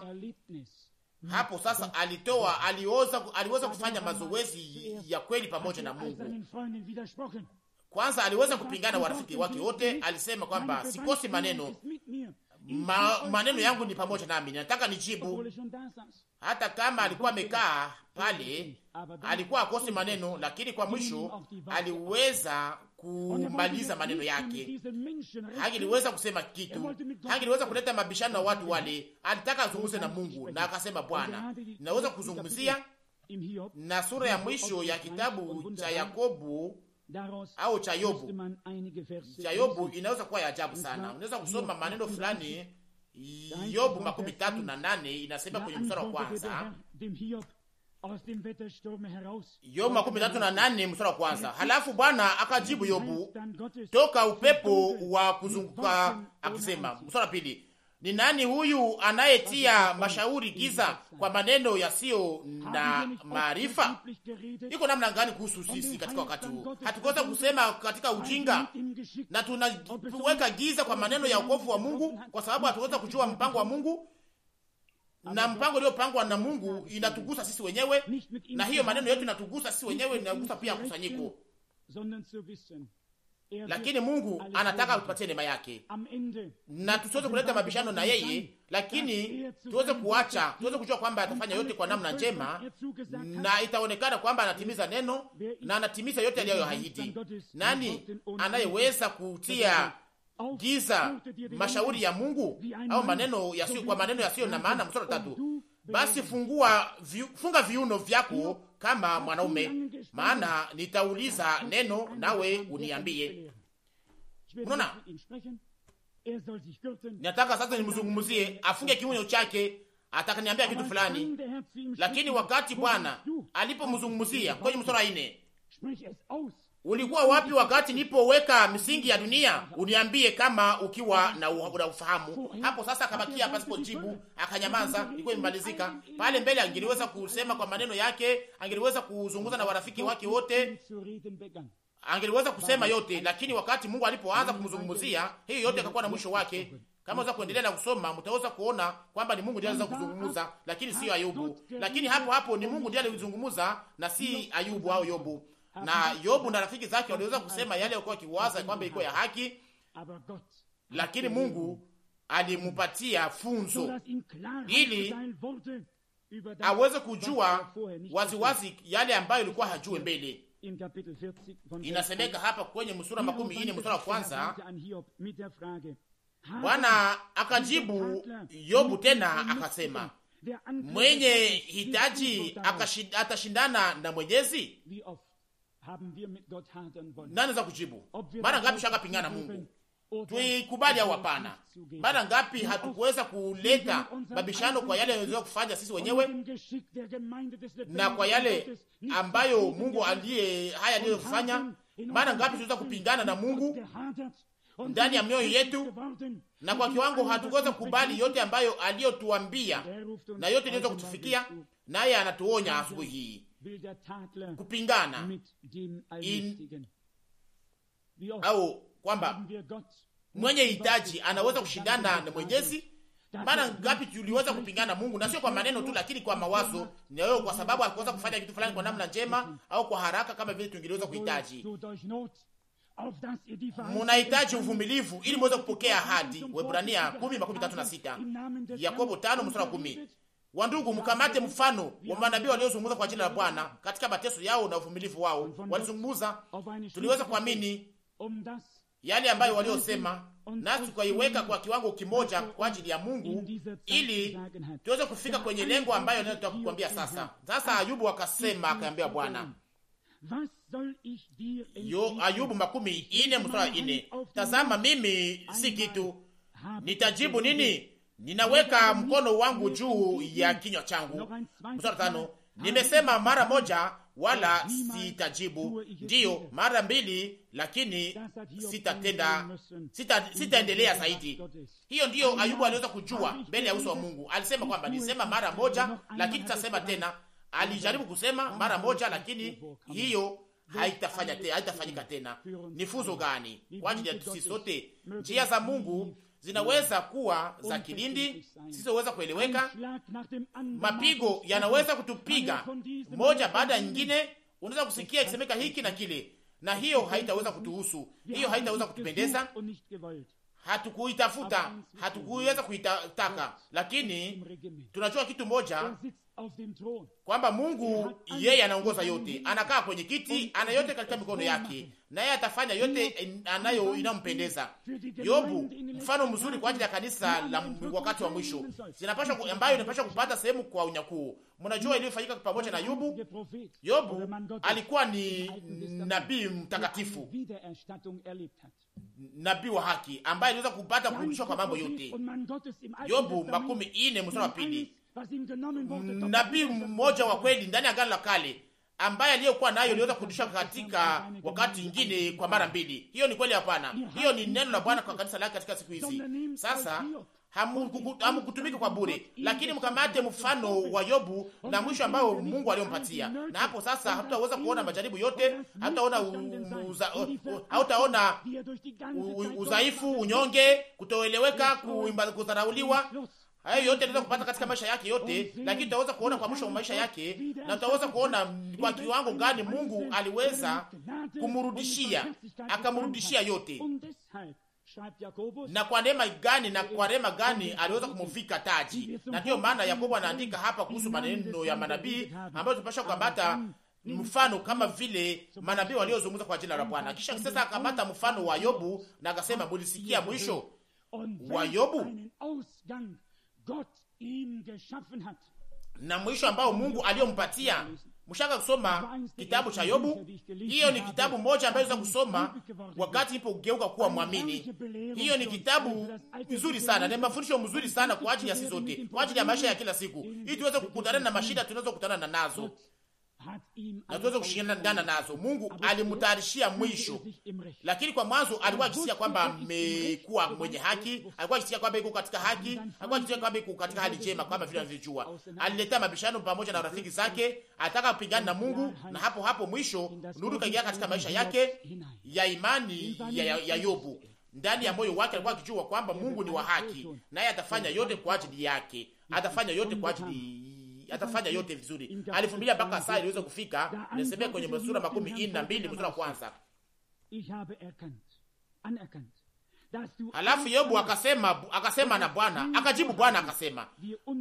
hapo sasa. Alitoa, aliweza, aliweza kufanya mazoezi ya kweli pamoja na Mungu. Kwanza aliweza kupingana warafiki wake wote, alisema kwamba sikosi maneno Ma, maneno yangu ni pamoja nami, nataka nijibu. Hata kama alikuwa amekaa pale, alikuwa akosi maneno, lakini kwa mwisho aliweza kumaliza maneno yake, hangeliweza kusema kitu, hangeliweza kuleta mabishano na watu wale. Alitaka azungumze na Mungu na akasema, Bwana, naweza kuzungumzia. Na sura ya mwisho ya kitabu cha Yakobo au cha Yobu, cha Yobu inaweza kuwa ya ajabu sana. Unaweza kusoma maneno fulani Yobu makumi tatu na nane inasema kwenye mstari wa kwanza Yobu makumi tatu na nane mstari wa kwanza. Halafu Bwana akajibu Yobu toka upepo wa kuzunguka akisema, mstari wa pili, ni nani huyu anayetia mashauri giza kwa maneno yasiyo na maarifa? Iko namna gani kuhusu sisi katika wakati huu? Hatukosa kusema katika ujinga na tunaweka giza kwa maneno ya ukovu wa Mungu, kwa sababu hatuweza kujua mpango wa Mungu na mpango uliopangwa na Mungu inatugusa sisi wenyewe, na hiyo maneno yetu inatugusa sisi wenyewe, inagusa pia kusanyiko. Er lakini Mungu anataka tupatie neema yake, na tusiweze kuleta mabishano na yeye, lakini er tuweze kuacha, tuweze kujua kwamba atafanya yote kwa er namna njema, na itaonekana kwamba anatimiza neno na anatimiza yote aliyoahidi. Nani anayeweza kutia giza mashauri ya Mungu au maneno yasiyo kwa maneno yasiyo na maana. Mstari tatu, basi fungua vi, funga viuno vyako kama mwanaume, maana nitauliza neno nawe uniambie. Unaona, er nataka sasa nimzungumzie afunge kiuno chake, atakaniambia kitu fulani, lakini wakati Bwana alipomzungumzia kwenye mstari wa nne Ulikuwa wapi wakati nilipoweka misingi ya dunia? Uniambie kama ukiwa na ufahamu. Hapo sasa akabakia pasipo jibu, akanyamaza. Ilikuwa imemalizika pale mbele. Angeliweza kusema kwa maneno yake, angeliweza kuzungumza na warafiki wake wote, angeliweza kusema yote, lakini wakati Mungu alipoanza kumzungumzia, hiyo yote akakuwa na mwisho wake. Kama weza kuendelea na kusoma, mtaweza kuona kwamba ni Mungu ndiye anaweza kuzungumza, lakini sio Ayubu. Lakini hapo hapo ni Mungu ndiye alizungumza na si Ayubu au Yobu na Yobu na rafiki zake waliweza kusema yale yalikuwa akiwaza kwamba ilikuwa ya haki, lakini Mungu alimupatia funzo ili aweze kujua waziwazi wazi yale ambayo ilikuwa hajue mbele. Inasemeka hapa kwenye msura makumi ine msura wa kwanza, Bwana akajibu Yobu tena akasema, mwenye hitaji atashindana na Mwenyezi? nani za kujibu? Mara ngapi pingana Mungu tuikubali au hapana? Mara ngapi hatukuweza kuleta mabishano kwa yale yanayoweza kufanya sisi wenyewe na kwa yale ambayo Mungu aliye haya aliyofanya? Mara ngapi tunaweza kupingana na Mungu ndani ya mioyo yetu, na kwa um kiwango hatukuweza kukubali yote ambayo aliyotuambia na yote inaweza kutufikia, naye anatuonya asubuhi hii kupingana in, au kwamba mwenye hitaji anaweza kushindana na Mwenyezi. Mara er ngapi tuliweza kupingana Mungu, na sio kwa maneno tu, lakini kwa mawazo nayo, kwa sababu hakuweza kufanya kitu fulani kwa namna njema au kwa haraka kama vile tungeliweza kuhitaji. Munahitaji uvumilivu ili mweze kupokea ahadi, Waebrania sita Yakobo kumi Wandugu, mkamate mfano wa manabii waliozungumza kwa jina la Bwana katika mateso yao na uvumilivu wao. Walizungumza, tuliweza kuamini yale ambayo waliosema, nasi tukaiweka kwa kiwango kimoja kwa ajili ya Mungu, ili tuweze kufika kwenye lengo ambayo nataka kukwambia sasa. Sasa Ayubu akasema, akaambia Bwana Yo, Ayubu makumi ine mstari ine, tazama mimi si kitu, nitajibu nini ninaweka mkono wangu juu ya kinywa changu. Mstari tano, nimesema mara moja wala sitajibu, ndiyo mara mbili, lakini sitatenda, sita, sitaendelea zaidi. Hiyo ndiyo Ayubu aliweza kujua mbele ya uso wa Mungu. Alisema kwamba nisema mara moja, lakini tasema tena. Alijaribu kusema mara moja, lakini hiyo haitafanya tena, haitafanyika tena. Ni funzo gani kwa ajili ya sisi sote? Njia za Mungu zinaweza kuwa za kilindi zisizoweza kueleweka. Mapigo yanaweza kutupiga moja baada ya nyingine, unaweza kusikia ikisemeka hiki na kile, na hiyo haitaweza kutuhusu, hiyo haitaweza kutupendeza. Hatukuitafuta, hatukuweza kuitaka, lakini tunachua kitu moja kwamba Mungu yeye anaongoza yote, anakaa kwenye kiti, ana yote katika mikono yake, yeye atafanya yote anayo inayompendeza. Yobu, mfano mzuri kwa ajili ya kanisa la wakati wa mwisho, zinapasha ambayo inapasha kupata sehemu kwa unyakuo. Mnajua iliyofanyika pamoja na Yobu. Yobu alikuwa ni nabii mtakatifu, nabii wa haki ambaye aliweza kupata kurudishwa kwa mambo yote. Yobu makumi ine mstari wa pili nabii mmoja wa kweli ndani ya Agano la Kale ambaye aliyekuwa nayo aliweza kufundisha katika wakati ingine kwa mara mbili. Hiyo ni kweli? Hapana, hiyo ni neno la Bwana kwa kanisa lake katika siku hizi. Sasa hamukutumika kwa bure, lakini mkamate mfano wa Yobu na mwisho ambao Mungu aliyompatia, na hapo sasa hatutaweza kuona majaribu yote, hatutaona hautaona uzaifu, unyonge, kutoeleweka, kudharauliwa hayo yote tunaweza kupata katika maisha yake yote, lakini tutaweza kuona kwa mwisho wa maisha yake, na tutaweza kuona kwa kiwango gani Mungu aliweza kumrudishia, akamrudishia yote, na kwa neema gani na kwa rehema gani aliweza kumuvika taji. Na ndiyo maana Yakobo anaandika hapa kuhusu maneno ya manabii ambayo tupasha kuambata mfano kama vile manabii waliozungumza kwa jina la Bwana. Kisha sasa akapata mfano wa Yobu na akasema, mulisikia mwisho wa Yobu na mwisho ambao Mungu aliyompatia. Mshaka kusoma kitabu cha Yobu. Hiyo ni kitabu moja ambayo naweza kusoma wakati ipo kugeuka kuwa mwamini. Hiyo ni kitabu nzuri sana, ni mafundisho mzuri sana kwa ajili ya sisi zote, kwa ajili ya maisha ya kila siku, ili tuweze kukutana na mashida tunazokutana na nazo, na tuweze kushindana nazo. Mungu alimutayarishia mwisho, lakini kwa mwanzo alikuwa akisikia kwamba amekuwa mwenye haki, alikuwa akisikia kwamba iko katika haki, alikuwa akisikia kwamba iko katika hali njema, kama vile anavyojua. Aliletea mabishano pamoja na rafiki zake, ataka kupigana na Mungu, na hapo hapo mwisho nuru kaingia katika maisha yake ya imani ya, ya, ya Yobu. Ndani ya moyo wake alikuwa akijua kwamba Mungu ni wa haki, naye atafanya yote kwa ajili yake, atafanya yote kwa ajili atafanya yote vizuri. Alivumilia mpaka saa iliweza kufika, nasemea kwenye sura makumi ine na mbili msura kwanza. Halafu Yobu akasema, akasema na Bwana akajibu, Bwana akasema,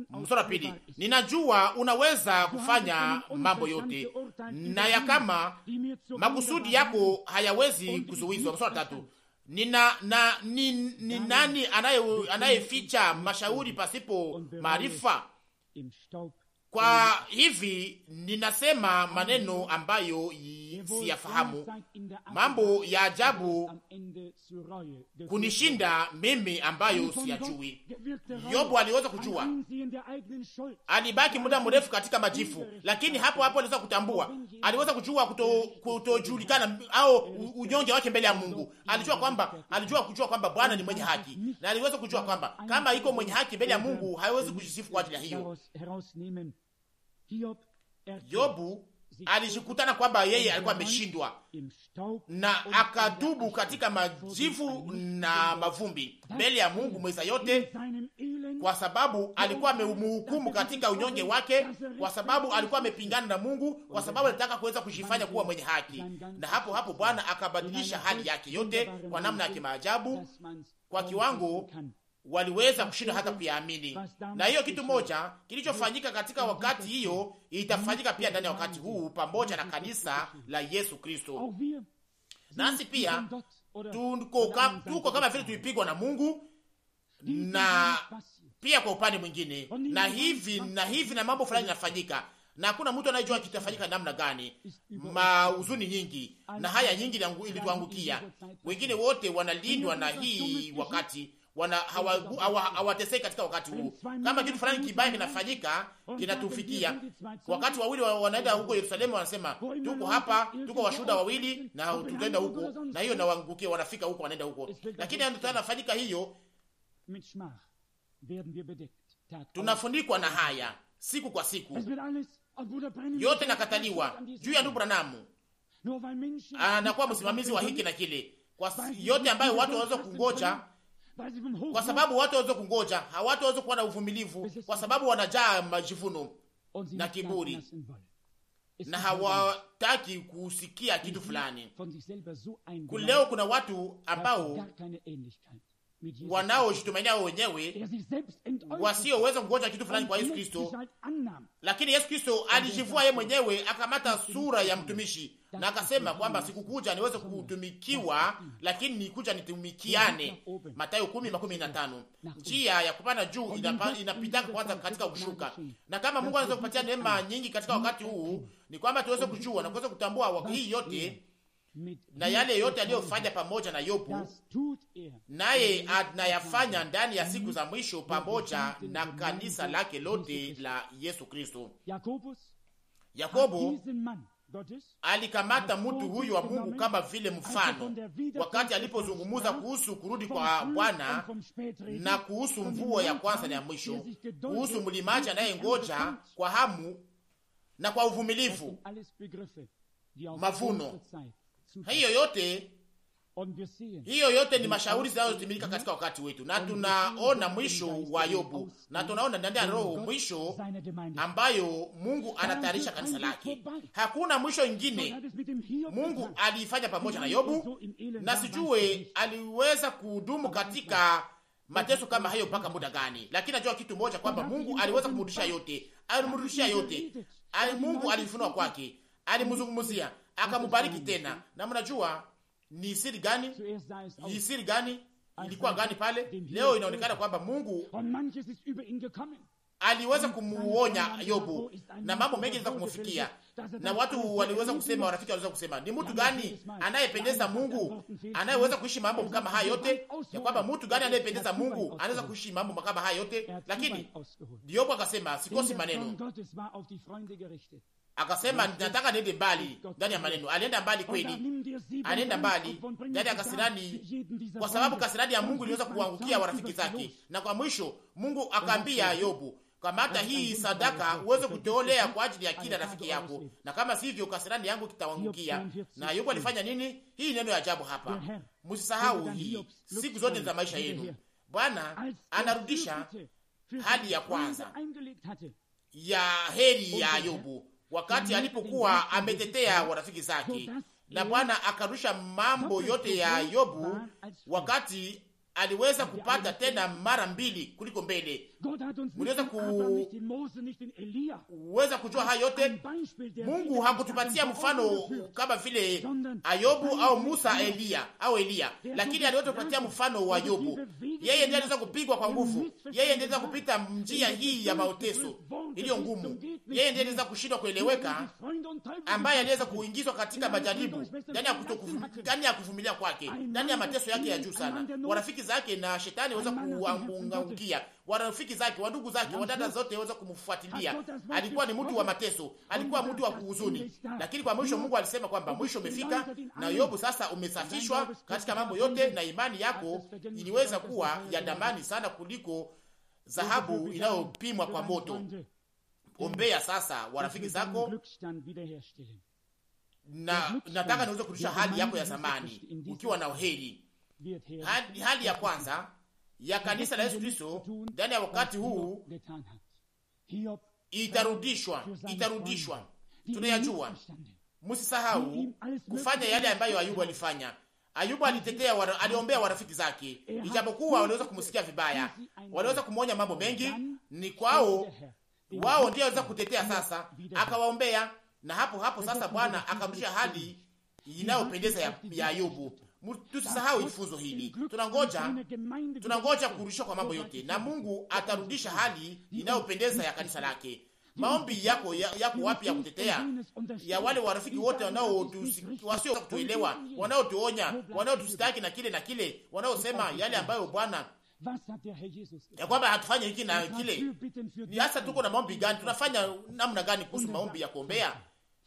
msura pili, ninajua unaweza kufanya mambo yote na ya kama makusudi yako hayawezi kuzuizwa. Msura tatu nina na ni, ni nani anayeficha anaye mashauri pasipo maarifa? Kwa mm. hivi ninasema maneno ambayo siyafahamu, mambo ya ajabu um, kunishinda mimi ambayo siyajui. Yobu aliweza kujua, alibaki muda mrefu katika majifu, lakini hapo hapo aliweza kutambua, aliweza kujua kutojulikana kuto au unyonge wake mbele ya Mungu. Alijua kwamba alijua kujua kwamba Bwana ni mwenye haki, na aliweza kujua kwamba kama iko mwenye haki mbele ya Mungu haiwezi kujisifu kwa ajili ya hiyo Yobu alishikutana kwamba yeye alikuwa ameshindwa na akadubu katika majivu na mavumbi mbele ya Mungu mweza yote, kwa sababu alikuwa amemhukumu katika unyonge wake, kwa sababu alikuwa amepingana na Mungu, kwa sababu alitaka kuweza kujifanya kuwa mwenye haki. Na hapo hapo Bwana akabadilisha hali yake yote kwa namna ya kimaajabu, kwa kiwango waliweza kushindwa hata kuyaamini. Na hiyo kitu moja kilichofanyika katika wakati hiyo itafanyika pia ndani ya wakati huu pamoja na kanisa la Yesu Kristo. Nasi pia tuko, tuko kama vile tulipigwa na Mungu na pia kwa upande mwingine, na hivi na hivi na mambo fulani yanafanyika na hakuna mtu anayejua kitafanyika namna gani. Mauzuni nyingi na haya nyingi ilituangukia, wengine wote wanalindwa na hii wakati wana hawateseki katika wakati huu. Kama kitu fulani kibaya kinafanyika kinatufikia, wakati wawili wanaenda huko Yerusalemu, wanasema tuko hapa, tuko washuda wawili na tutaenda huko, na hiyo nawangukia, wanafika huko, wanaenda huko, lakini anafanyika hiyo, tunafunikwa na haya siku kwa siku, yote nakataliwa juu ya ndugu Branamu anakuwa msimamizi wa hiki na kile, kwa yote ambayo watu wanaweza kungoja kwa sababu watu waweze kungoja, watu waweze kuwa na uvumilivu, kwa sababu wanajaa majivuno na kiburi na hawataki kusikia kitu fulani. Leo kuna watu ambao wanaojitumainia wao wenyewe wasioweza kungoja kitu fulani kwa Yesu Kristo. Lakini Yesu Kristo alijivua yeye mwenyewe akamata sura ya mtumishi na akasema kwamba sikukuja niweze kutumikiwa, lakini nikuja nitumikiane. Mathayo tano. Njia ya kupanda juu inapitaka kwanza katika kushuka, na kama Mungu anaweza kupatia neema nyingi katika wakati huu, ni kwamba tuweze kujua na kuweza kutambua hii yote na yale yote aliyofanya pamoja na Yobu, er. naye er anayafanya ndani ya er siku za mwisho pamoja na kanisa lake lote la Yesu Kristo. Yakobo alikamata mtu huyu wa Mungu kama vile mfano, wakati alipozungumuza kuhusu kurudi kwa Bwana na kuhusu mvua ya kwanza na ya mwisho, kuhusu mlimaji anayengoja kwa hamu na kwa uvumilivu mavuno hiyo yote hiyo yote ni mashauri zinazotimilika katika wakati wetu, na tunaona mwisho wa Yobu na tunaona ndani ya Roho mwisho ambayo Mungu anatayarisha kanisa lake. Hakuna mwisho ingine Mungu aliifanya pamoja na Yobu, na sijue aliweza kudumu katika mateso kama hayo mpaka muda gani, lakini najua kitu moja kwamba Mungu aliweza kumrudisha yote, alimrudishia yote, Mungu alifunua kwake, alimzungumzia akamubariki tena. Na mnajua ni siri gani, ni siri gani ilikuwa gani pale? Leo inaonekana kwamba Mungu aliweza kumuonya Yobu na mambo mengi yanaweza kumfikia, na watu waliweza kusema, warafiki waliweza kusema, ni mtu gani anayependeza Mungu anayeweza kuishi mambo kama haya yote? Ya kwamba mtu gani anayependeza Mungu anaweza kuishi mambo kama haya yote? Lakini Yobu akasema, sikosi maneno akasema nataka niende mbali ndani ya maneno. Alienda mbali kweli, alienda mbali ndani ya kasirani, kwa sababu kasirani ya Mungu iliweza kuangukia warafiki zake. Na kwa mwisho Mungu akaambia Yobu, kamata hii sadaka uweze kutolea kwa ajili ya kila rafiki yako, na kama sivyo kasirani yangu kitawangukia. Na Yobu alifanya nini? Hii neno ya ajabu hapa, msisahau hii siku zote za maisha yenu. Bwana anarudisha hali ya kwanza ya heri ya Yobu wakati alipokuwa ametetea warafiki zake, na Bwana akarusha mambo yote ya Yobu wakati aliweza kupata tena mara mbili kuliko mbele Mliweza kuweza kujua haya yote. Mungu hakutupatia mfano kama vile Ayobu au Musa, Eliya au Eliya, lakini aliweza kupatia mfano wa Ayobu. Yeye ndiye aliweza kupigwa kwa nguvu, yeye ndiye aliweza kupita njia hii ya mateso iliyo ngumu, yeye ndiye aliweza kushindwa kueleweka, ambaye aliweza kuingizwa katika yaani majaribu, ndani ya kuvumilia kwake, ndani ya mateso yake ya juu sana, warafiki zake na shetani waweza kuangukia warafiki zake, wandugu zake, wadada zote waweza kumfuatilia. Alikuwa ni mtu wa mateso, alikuwa mtu wa kuhuzuni, lakini kwa mwisho Mungu alisema kwamba mwisho umefika, na Yobu sasa umesafishwa katika mambo yote, na imani yako iliweza kuwa ya damani sana kuliko dhahabu inayopimwa kwa moto. Ombea sasa warafiki zako na nataka niweze kurudisha hali yako ya zamani ukiwa na uheri. Hali, hali ya kwanza ya kanisa la Yesu Kristo ndani ya wakati huu itarudishwa, itarudishwa. Tunayajua, msisahau kufanya yale ambayo Ayubu alifanya. Ayubu alitetea aliombea warafiki zake, ijapokuwa waliweza kumsikia vibaya, waliweza kumwonya mambo mengi, ni kwao wao ndio waweza kutetea. Sasa akawaombea na hapo hapo sasa Bwana akamshia hali inayopendeza ya, ya Ayubu tusisahau ifunzo hili. Tunangoja, tunangoja kurudishwa kwa mambo yote, na Mungu atarudisha hali inayopendeza ya kanisa lake. Maombi yako yako wapi ya kutetea ya wale warafiki wote wasio kutuelewa, wanaotuonya, wanaotusitaki na kile na kile, wanaosema yale ambayo Bwana ya kwamba hatufanye hiki na kile. Ni hasa tuko na maombi gani? Tunafanya namna gani kuhusu maombi ya kuombea?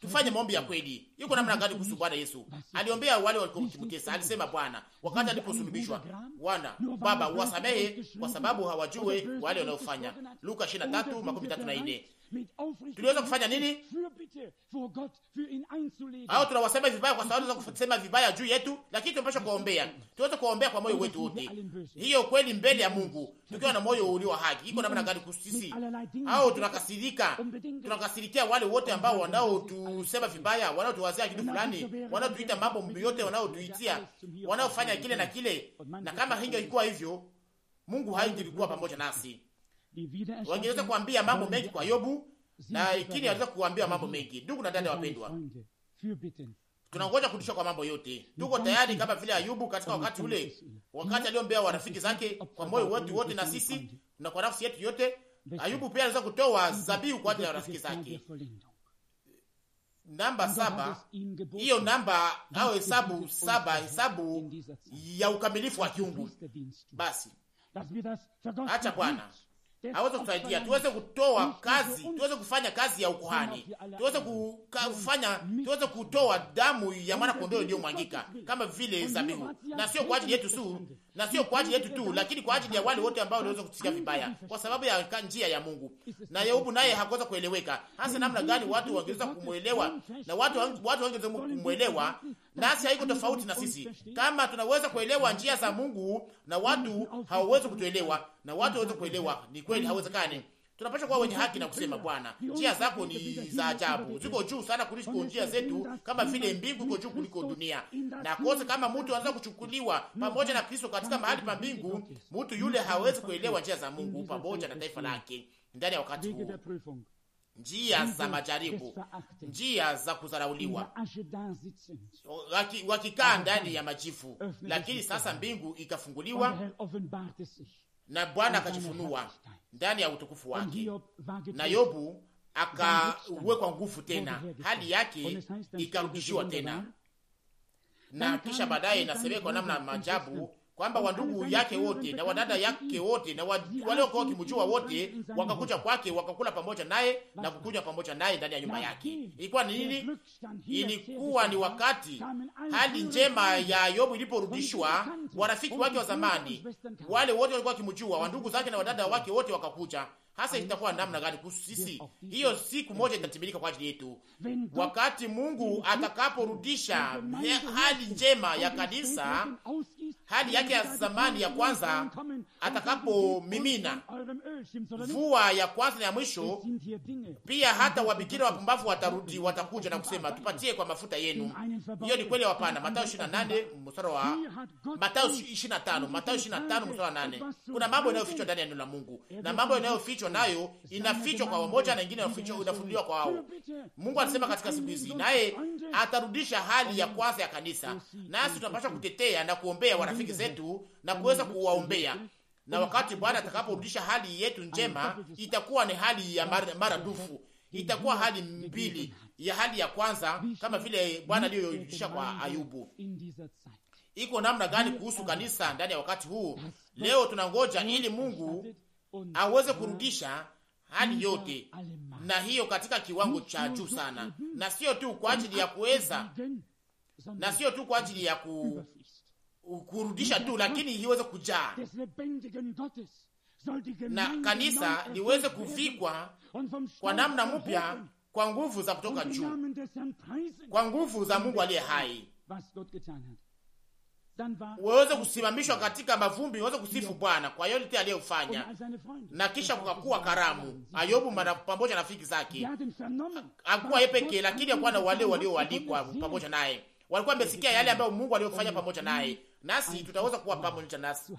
Tufanye maombi ya kweli. Yuko namna gani kuhusu Bwana Yesu? Aliombea wale walikomtesa, alisema Bwana wakati aliposulubishwa, Bwana Baba, wasamehe kwa sababu hawajue wale wanaofanya. Luka 23:34. Tuliweza kufanya nini? Au tunawasema vibaya kwa sababu kusema vibaya juu yetu, lakini tunapaswa kuombea. Tuweze kuombea kwa moyo wetu wote, hiyo kweli mbele ya Mungu, tukiwa na moyo ulio haki. Iko namna gani kusisi? Au tunakasirika, tunakasirikia wale wote ambao wanaotusema vibaya, wanaotuwazia kitu fulani, wanaotuita mambo yote, wanaotuitia, wanaofanya kile na kile. Na kama hingekuwa hivyo, Mungu haingelikuwa pamoja nasi wangeweza kuambia mambo mengi kwa Yobu na ikini aweza kuambia mambo mengi. Ndugu na dada wapendwa, tunangoja kurudishwa kwa mambo yote. Tuko tayari kama vile Ayubu katika wakati ule, wakati aliombea warafiki zake kwa moyo wetu wote na sisi na kwa nafsi yetu yote. Ayubu pia anaweza kutoa zabihu kwa ajili ya rafiki zake. Namba saba, hiyo namba au hesabu saba, hesabu ya ukamilifu wa kiungu. Basi acha Bwana aweze kutusaidia tuweze kutoa kazi, tuweze kufanya kazi ya ukuhani, tuweze kufanya, tuweze kutoa damu ya mwana kondoo iliyomwangika kama vile zabihu, na sio kwa ajili yetu tu, na sio kwa ajili yetu tu, lakini kwa ajili ya wale wote ambao waliweza kusikia vibaya kwa sababu ya njia ya Mungu. Na Yobu naye hakuweza kueleweka hasa namna gani watu wangeweza kumwelewa, na watu watu wangeweza kumwelewa, nasi haiko tofauti na sisi. Kama tunaweza kuelewa njia za Mungu na watu hawawezi kutuelewa, na watu hawawezi kuelewa, ni kweli hawezekani tunapaswa kuwa wenye haki na kusema, Bwana, njia zako ni za ajabu, ziko juu sana kuliko njia zetu, kama vile mbingu iko juu kuliko dunia. Na kose kama mtu anaweza kuchukuliwa pamoja na Kristo katika mahali pa mbingu, mtu yule hawezi kuelewa njia za Mungu pamoja na taifa lake ndani ya wakati huu njia za majaribu, njia za kuzarauliwa, wakikaa ndani ya majifu, Lakini sasa mbingu ikafunguliwa na Bwana akajifunua ndani ya utukufu wake, na Yobu akawekwa nguvu tena, hali yake ikarudishiwa tena, na kisha baadaye inasemekwa namna majabu kwamba wandugu yake wote na wadada yake wote na waliokuwa wakimjua wote wakakuja kwake wakakula pamoja naye na kukunywa pamoja naye ndani ya nyumba yake. Ilikuwa ni nini? Ilikuwa ni wakati hali njema ya Yobu iliporudishwa, warafiki wake wa zamani, wale wote walikuwa wakimjua, wandugu zake na wadada wake wote wakakuja. Hasa itakuwa namna gani kusisi? Hiyo siku moja itatimilika kwa ajili yetu, wakati Mungu atakaporudisha hali njema ya kanisa hali yake ya zamani ya kwanza, atakapomimina vua ya kwanza na ya mwisho. Pia hata wabikira wapumbavu watarudi, watakuja na kusema tupatie kwa mafuta yenu. Hiyo ni kweli? Hapana. Mathayo 28 mstari wa Mathayo 25, Mathayo 25 mstari wa 8. Kuna mambo yanayofichwa ndani ya neno la Mungu na mambo yanayofichwa nayo inafichwa kwa wamoja na ingine inafichwa inafunuliwa kwa wao. Mungu anasema katika siku hizi, naye atarudisha hali ya kwanza ya kanisa, nasi tunapaswa kutetea na kuombea warafiki zetu na kuweza kuwaombea, na wakati Bwana atakaporudisha hali yetu njema, itakuwa ni hali ya mara, maradufu itakuwa hali mbili ya hali ya kwanza, kama vile Bwana aliyojulisha kwa Ayubu. Iko namna gani kuhusu kanisa ndani ya wakati huu? Leo tunangoja ili Mungu aweze kurudisha hali yote, na hiyo katika kiwango cha juu sana, na sio tu kwa ajili ya kuweza, na sio tu kwa ajili ya ku kurudisha tu, lakini iweze kujaa na kanisa liweze kuvikwa kwa namna mpya, kwa nguvu za kutoka juu, kwa nguvu za Mungu aliye hai, waweze kusimamishwa katika mavumbi, waweze kusifu Bwana kwa yote aliyofanya, na kisha kukakuwa karamu. Ayobu pamoja na rafiki zake hakuwa ye pekee, lakini akuwa na wale walioalikwa pamoja naye, walikuwa wamesikia yale ambayo Mungu aliyofanya pamoja naye nasi tutaweza kuwa pamoja nasi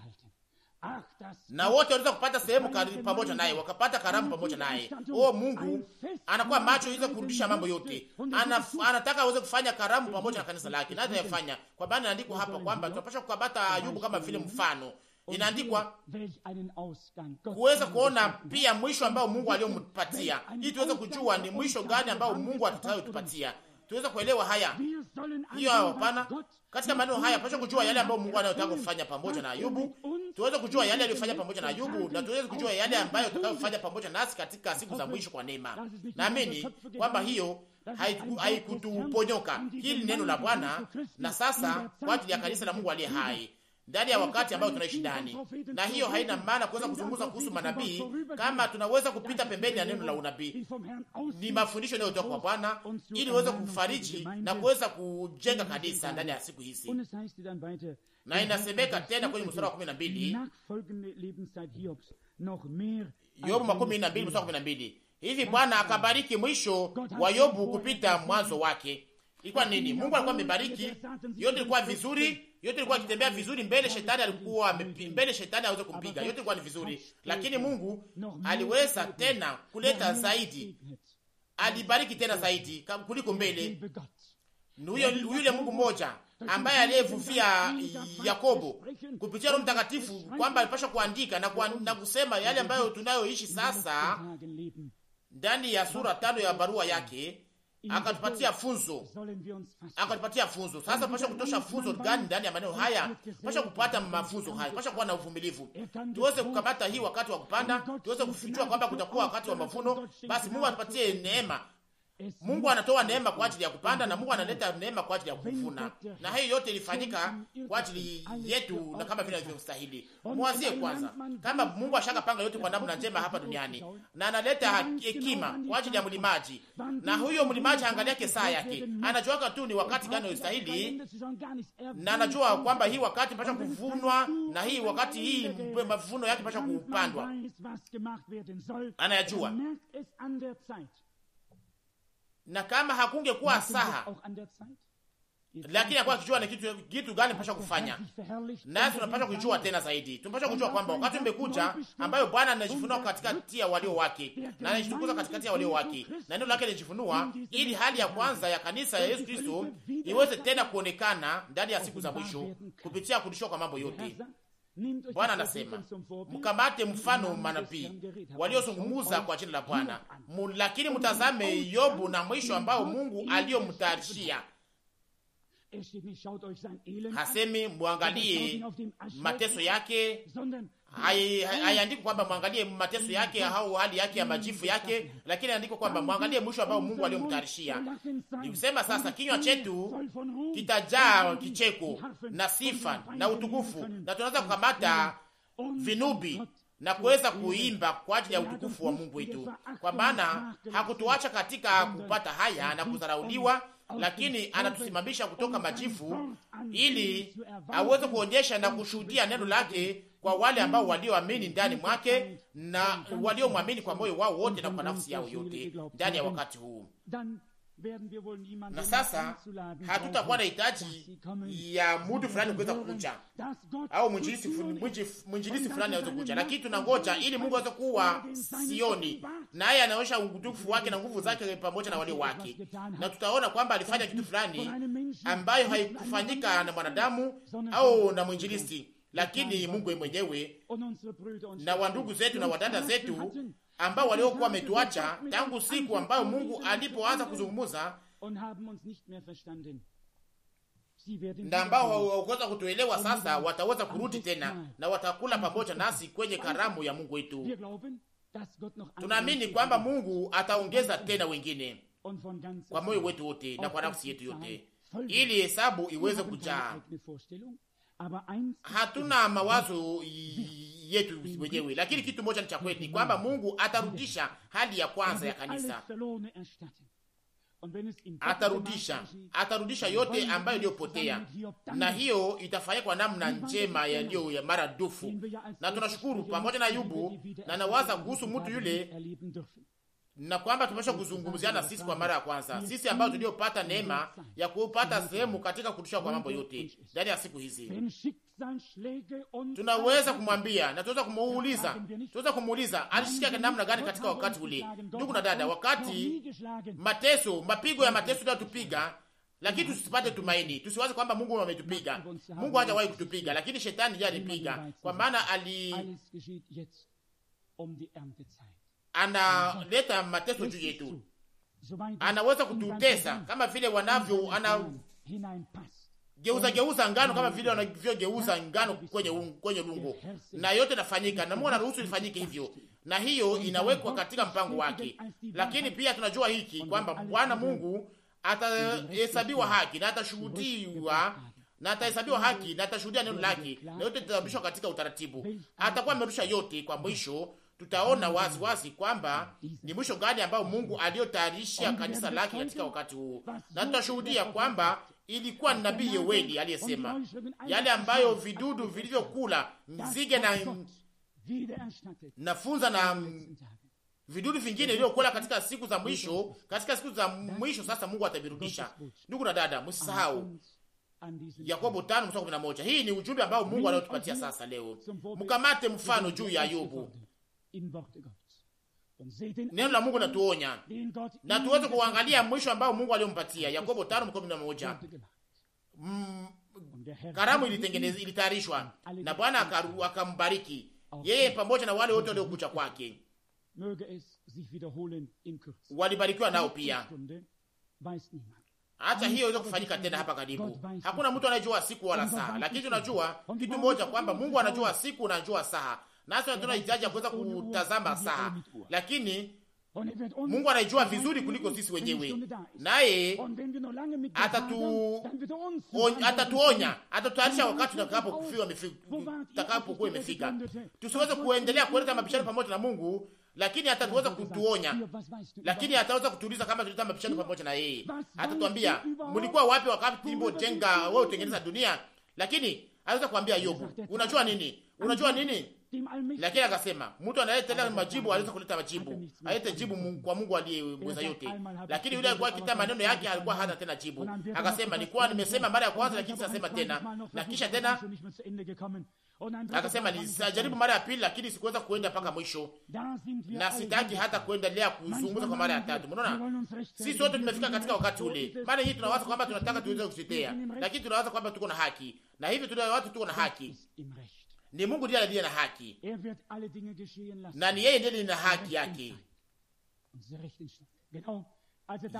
ah, na wote waliweza kupata sehemu pamoja naye, wakapata karamu pamoja naye. Oh, Mungu anakuwa macho iweze kurudisha mambo yote. anataka aweze kufanya karamu pamoja na kanisa lake, na atayafanya kwa maana inaandikwa hapa kwamba tunapasha kukamata Ayubu kama vile mfano. Inaandikwa kuweza kuona pia mwisho ambao Mungu aliyompatia, ili tuweze kujua ni mwisho gani ambao Mungu atakayotupatia tuweze kuelewa haya, hiyo hapana. Katika maneno haya pasha kujua yale ambayo Mungu anayotaka kufanya pamoja na Ayubu, tuweze kujua yale aliyofanya pamoja na Ayubu, na tuweze kujua yale ambayo atakayofanya pamoja nasi katika siku za mwisho kwa neema. Naamini kwamba hiyo haikutuponyoka. Hili neno la Bwana na sasa kwa ajili ya kanisa la Mungu aliye hai ndani ya wakati ambayo tunaishi ndani, na hiyo haina maana kuweza kuzungumza kuhusu manabii kama tunaweza kupita pembeni ya neno la unabii. Ni mafundisho yanayotoka kwa Bwana ili uweze kufariji na kuweza kujenga kanisa ndani ya siku hizi. Na inasemeka tena kwenye mstari wa mbili Yobu makumi na mbili mstari wa mbili hivi Bwana akabariki mwisho wa Yobu kupita mwanzo wake ilikuwa nini? Mungu alikuwa amebariki yote, ilikuwa vizuri yote ilikuwa ikitembea vizuri mbele, shetani alikuwa mbele, shetani aweze kumpiga. Yote ilikuwa ni vizuri, lakini Mungu aliweza tena kuleta zaidi, alibariki tena zaidi kuliko mbele. Huyo yule Mungu mmoja ambaye aliyevuvia Yakobo kupitia Roho Mtakatifu kwamba alipasha kuandika na, kwa, na kusema yale ambayo tunayoishi sasa ndani ya sura tano ya barua yake akatupatia funzo, akatupatia funzo. Sasa pasha kutosha funzo gani ndani ya maneno haya? Pasha kupata mafunzo haya, pasha kuwa na uvumilivu, tuweze kukamata hii wakati wa kupanda, tuweze kufichua kwamba kutakuwa wakati wa mavuno. Basi Mungu atupatie neema Mungu anatoa neema kwa ajili ya kupanda na Mungu analeta neema kwa ajili ya kuvuna, na hiyo yote ilifanyika kwa ajili yetu na kama vile inavyostahili. Mwazie kwanza kama Mungu ashakapanga yote kwa namna njema hapa duniani, na analeta hekima kwa ajili ya mlimaji, na huyo mlimaji angalia saa yake, anajuaka tu ni wakati gani unastahili, na anajua kwamba hii wakati pasha kuvunwa na hii wakati hii mavuno yake pasha kupandwa, anayajua na kama hakungekuwa saha, lakini akuwa akijua ni kitu, kitu gani mpasha kufanya, naye tunapasha kujua tena zaidi. Tunapasha kujua kwamba wakati umekuja ambayo Bwana anajifunua katikati ya walio wake na anajitukuza katikati ya walio wake, na neno lake linajifunua ili hali ya kwanza ya kanisa ya Yesu Kristo iweze tena kuonekana ndani ya siku za mwisho kupitia kudishwa kwa mambo yote Bwana anasema mkamate mfano manabii waliozungumuza kwa jina la Bwana, lakini mtazame Yobu na mwisho ambao Mungu aliyomtarishia. Hasemi mwangalie mateso yake haiandiki kwamba mwangalie mateso yake au hali yake ya majifu yake, lakini andiko kwamba mwangalie mwisho ambao Mungu aliyomtayarishia. Nikusema sasa, kinywa chetu kitajaa kicheko na sifa na utukufu, na tunaweza kukamata vinubi na kuweza kuimba kwa ajili ya utukufu wa Mungu wetu, kwa maana hakutuacha katika kupata haya na kudharauliwa, lakini anatusimamisha kutoka majifu ili aweze kuonyesha na kushuhudia neno lake kwa wale ambao walioamini ndani mwake na waliomwamini kwa moyo wao wote na kwa nafsi yao yote ndani ya wakati huu. Na sasa hatutakuwa na hitaji ya mutu fulani kuweza kukuja au mwinjilisi fulani aweze kuja, lakini tunangoja ili Mungu aweze kuwa Sioni, naye anaonyesha utukufu wake na nguvu zake pamoja na walio wake, na tutaona kwamba alifanya kitu fulani ambayo haikufanyika na mwanadamu au na mwinjilisi lakini Mungu mwenyewe na wandugu zetu na wadada zetu ambao waliokuwa wametuacha tangu siku ambayo Mungu alipoanza kuzungumza na ambao wakoza kutuelewa sasa, wataweza kurudi tena na watakula pamoja nasi kwenye karamu ya Mungu wetu. Tunaamini kwamba Mungu ataongeza tena wengine kwa moyo wetu wote na kwa nafsi yetu yote, ili hesabu iweze kujaa hatuna mawazo yetu wenyewe, lakini kitu moja ni cha kweli, kwamba Mungu atarudisha hali ya kwanza ya kanisa, atarudisha atarudisha yote ambayo iliyopotea, na hiyo itafanya kwa namna njema yaliyo ya maradufu. Na tunashukuru pamoja na Ayubu, na nawaza kuhusu mtu yule na kwamba tumesha kuzungumzia na sisi kwa mara ya kwanza, sisi ambao tuliopata neema ya kupata sehemu katika kutushwa kwa mambo yote ndani ya siku hizi, tunaweza kumwambia na tunaweza kumuuliza, tunaweza kumuuliza alisikia namna gani katika wakati ule. Ndugu na dada, wakati mateso, mapigo ya mateso tunayotupiga, lakini tusipate tumaini, tusiwaze kwamba Mungu ametupiga. Mungu hajawahi kutupiga, lakini shetani ndiye alipiga, kwa maana ali analeta mateso juu yetu, anaweza kututesa kama vile wanavyo, ana geuza geuza ngano kama vile wanavyogeuza ngano kwenye kwenye lungo, na yote nafanyika na Mungu anaruhusu ifanyike hivyo, na hiyo inawekwa katika mpango wake. Lakini pia tunajua hiki kwamba Bwana Mungu atahesabiwa haki na atashuhudiwa na atahesabiwa haki na atashuhudia neno lake, na yote itasababishwa katika utaratibu. Atakuwa amerusha yote kwa mwisho tutaona wazi wazi kwamba ni mwisho gani ambao Mungu aliyotayarisha kanisa lake katika wakati huu, na tutashuhudia kwamba ilikuwa ni nabii Yoweli aliyesema yale ambayo vidudu vilivyokula nzige na nafunza na vidudu vingine iliyokula katika siku za mwisho, katika siku za mwisho sasa Mungu atavirudisha. Ndugu na dada, msisahau Yakobo tano mstari kumi na moja. Hii ni ujumbe ambao Mungu anayotupatia sasa leo. Mkamate mfano juu ya Ayubu. Neno la Mungu natuonya na tuweze kuangalia mwisho ambao Mungu aliyompatia Yakobo tano mkumi na moja. Mm, karamu ilitengenezwa, ilitayarishwa na Bwana akambariki yeye pamoja na wale wote waliokuja kwake, walibarikiwa nao pia. Hata hiyo iweze kufanyika tena hapa karibu. Hakuna mtu anayejua siku wala saa, lakini tunajua kitu moja kwamba Mungu anajua siku, anajua saa nasi hatuna hitaji ya kuweza kutazama saa, lakini Mungu anaijua vizuri kuliko sisi wenyewe, naye atatuonya, atatutayarisha wakati utakapokuwa imefika. Tusiweze kuendelea kuleta mabishano pamoja na Mungu, lakini atatuweza kutuonya, lakini ataweza kutuuliza kama tulita mabishano pamoja na yeye. Atatuambia, mlikuwa wapi wakati jenga wewe utengeneza dunia? Lakini ataweza kuambia Yobu, unajua nini? unajua nini? Unajua nini? Lakini akasema mtu anayetenda majibu anaweza kuleta majibu, alete jibu kwa Mungu aliyeweza yote. Lakini yule alikuwa akitaa maneno yake, alikuwa hana tena jibu. Akasema nilikuwa nimesema mara ya kwanza, lakini sasema tena na kisha tena akasema nilijaribu mara ya pili, lakini sikuweza kuenda mpaka mwisho, na sitaki hata kuendelea kuzunguza kwa mara ya tatu. Mnaona, sisi sote tumefika katika wakati ule. Mara hii tunawaza kwamba tunataka tuweze kutetea, lakini tunawaza kwamba tuko na haki, na hivi tunawaza watu tuko na haki ni Mungu ndiye aliye na haki er na ni yeye ndiye na haki yake.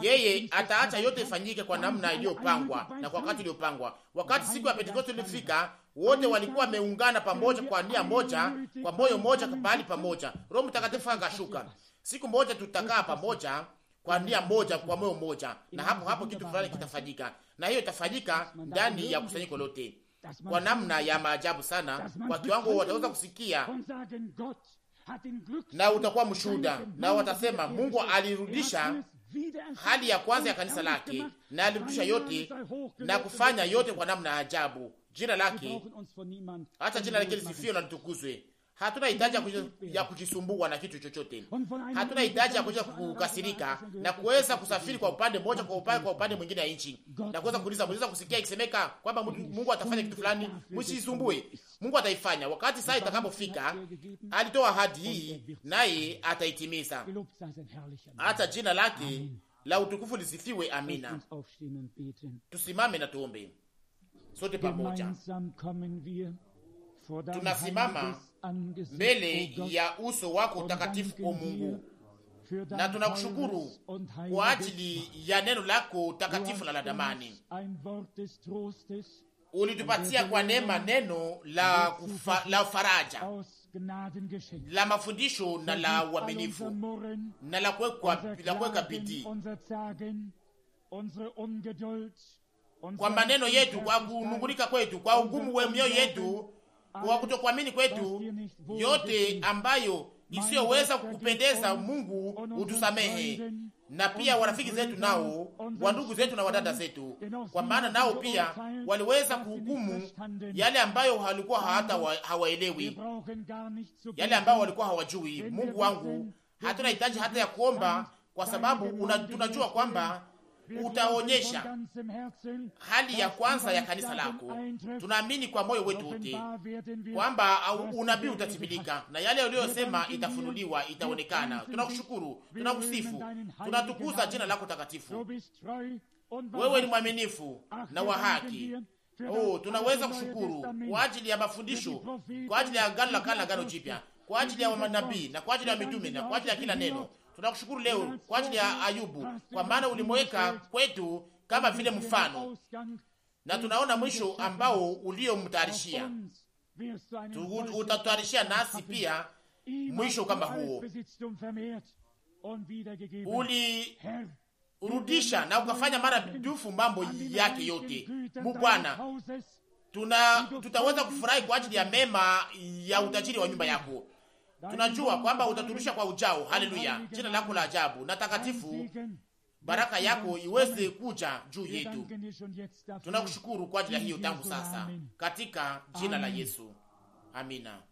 Yeye ataacha yote ifanyike kwa namna iliyopangwa na kwa wakati uliopangwa. Wakati siku ya Pentekoste ilifika, wote walikuwa wameungana pamoja kwa nia moja, kwa moyo moja, pahali pamoja. Roho Mtakatifu akashuka. Siku moja tutakaa pamoja kwa nia moja, kwa moyo moja, na hapo hapo kitu fulani kitafanyika, na hiyo itafanyika ndani ya kusanyiko lote kwa namna ya maajabu sana, kwa kiwango wataweza kusikia na utakuwa mshuhuda, na watasema Mungu alirudisha er hali ya kwanza ya kanisa lake, na alirudisha yote na kufanya yote kwa namna ya ajabu. Jina lake hata jina lake lisifiwe na litukuzwe. Hatuna hitaji ya kujisumbua na kitu chochote, hatuna hitaji ya kuweza kukasirika na kuweza kusafiri kwa upande mmoja kwa upande kwa upande mwingine ya nchi na kuweza kuuliza, mnaweza kusikia ikisemeka kwamba Mungu atafanya kitu fulani, msisumbue. Mungu ataifanya wakati saa itakapofika. Alitoa ahadi hii, naye ataitimiza. Hata jina lake la utukufu lisifiwe. Amina. Tusimame na tuombe sote pamoja tunasimama mbele ya uso wako takatifu, o Mungu, na tunakushukuru kwa ajili ya neno lako takatifu na la damani. Ulitupatia kwa neema neno la, kufa, la faraja la mafundisho na la uaminifu na la kuweka bidii kwa maneno yetu, kwa kunungunika kwetu, kwa ugumu wa mioyo yetu wa kutokuamini kwetu, yote ambayo isiyoweza kupendeza Mungu utusamehe, na pia warafiki zetu nao ndugu zetu na wadada zetu, kwa maana nao pia waliweza kuhukumu yale ambayo walikuwa hata hawaelewi, yale ambayo walikuwa hawajui. Mungu wangu, hatunahitaji hata ya kuomba, kwa sababu una, tunajua kwamba utaonyesha hali ya kwanza ya kanisa lako. Tunaamini kwa moyo wetu wote kwamba unabii utatimilika na yale uliyosema itafunuliwa, itaonekana. Tunakushukuru, tunakusifu, tunatukuza jina lako takatifu. Wewe ni mwaminifu ah, na wa haki. Oh, tunaweza kushukuru kwa ajili ya mafundisho, kwa ajili ya agano la kale, agano jipya, kwa ajili ya manabii na kwa ajili ya mitume na kwa ajili ya kila neno Tunakushukuru leo kwa ajili ya Ayubu, kwa maana ulimweka kwetu kama vile mfano, na tunaona mwisho ambao uliomtayarishia. utatarishia nasi pia mwisho kama huo. Ulirudisha na ukafanya mara dufu mambo yake yote. Mubwana, tuna tutaweza kufurahi kwa ajili ya mema ya utajiri wa nyumba yako. Tunajua kwamba utaturusha kwa ujao. Haleluya, jina lako la ajabu na takatifu, baraka yako iweze kuja juu yetu. Tunakushukuru kwa ajili ya hiyo tangu sasa, katika jina la Yesu, amina.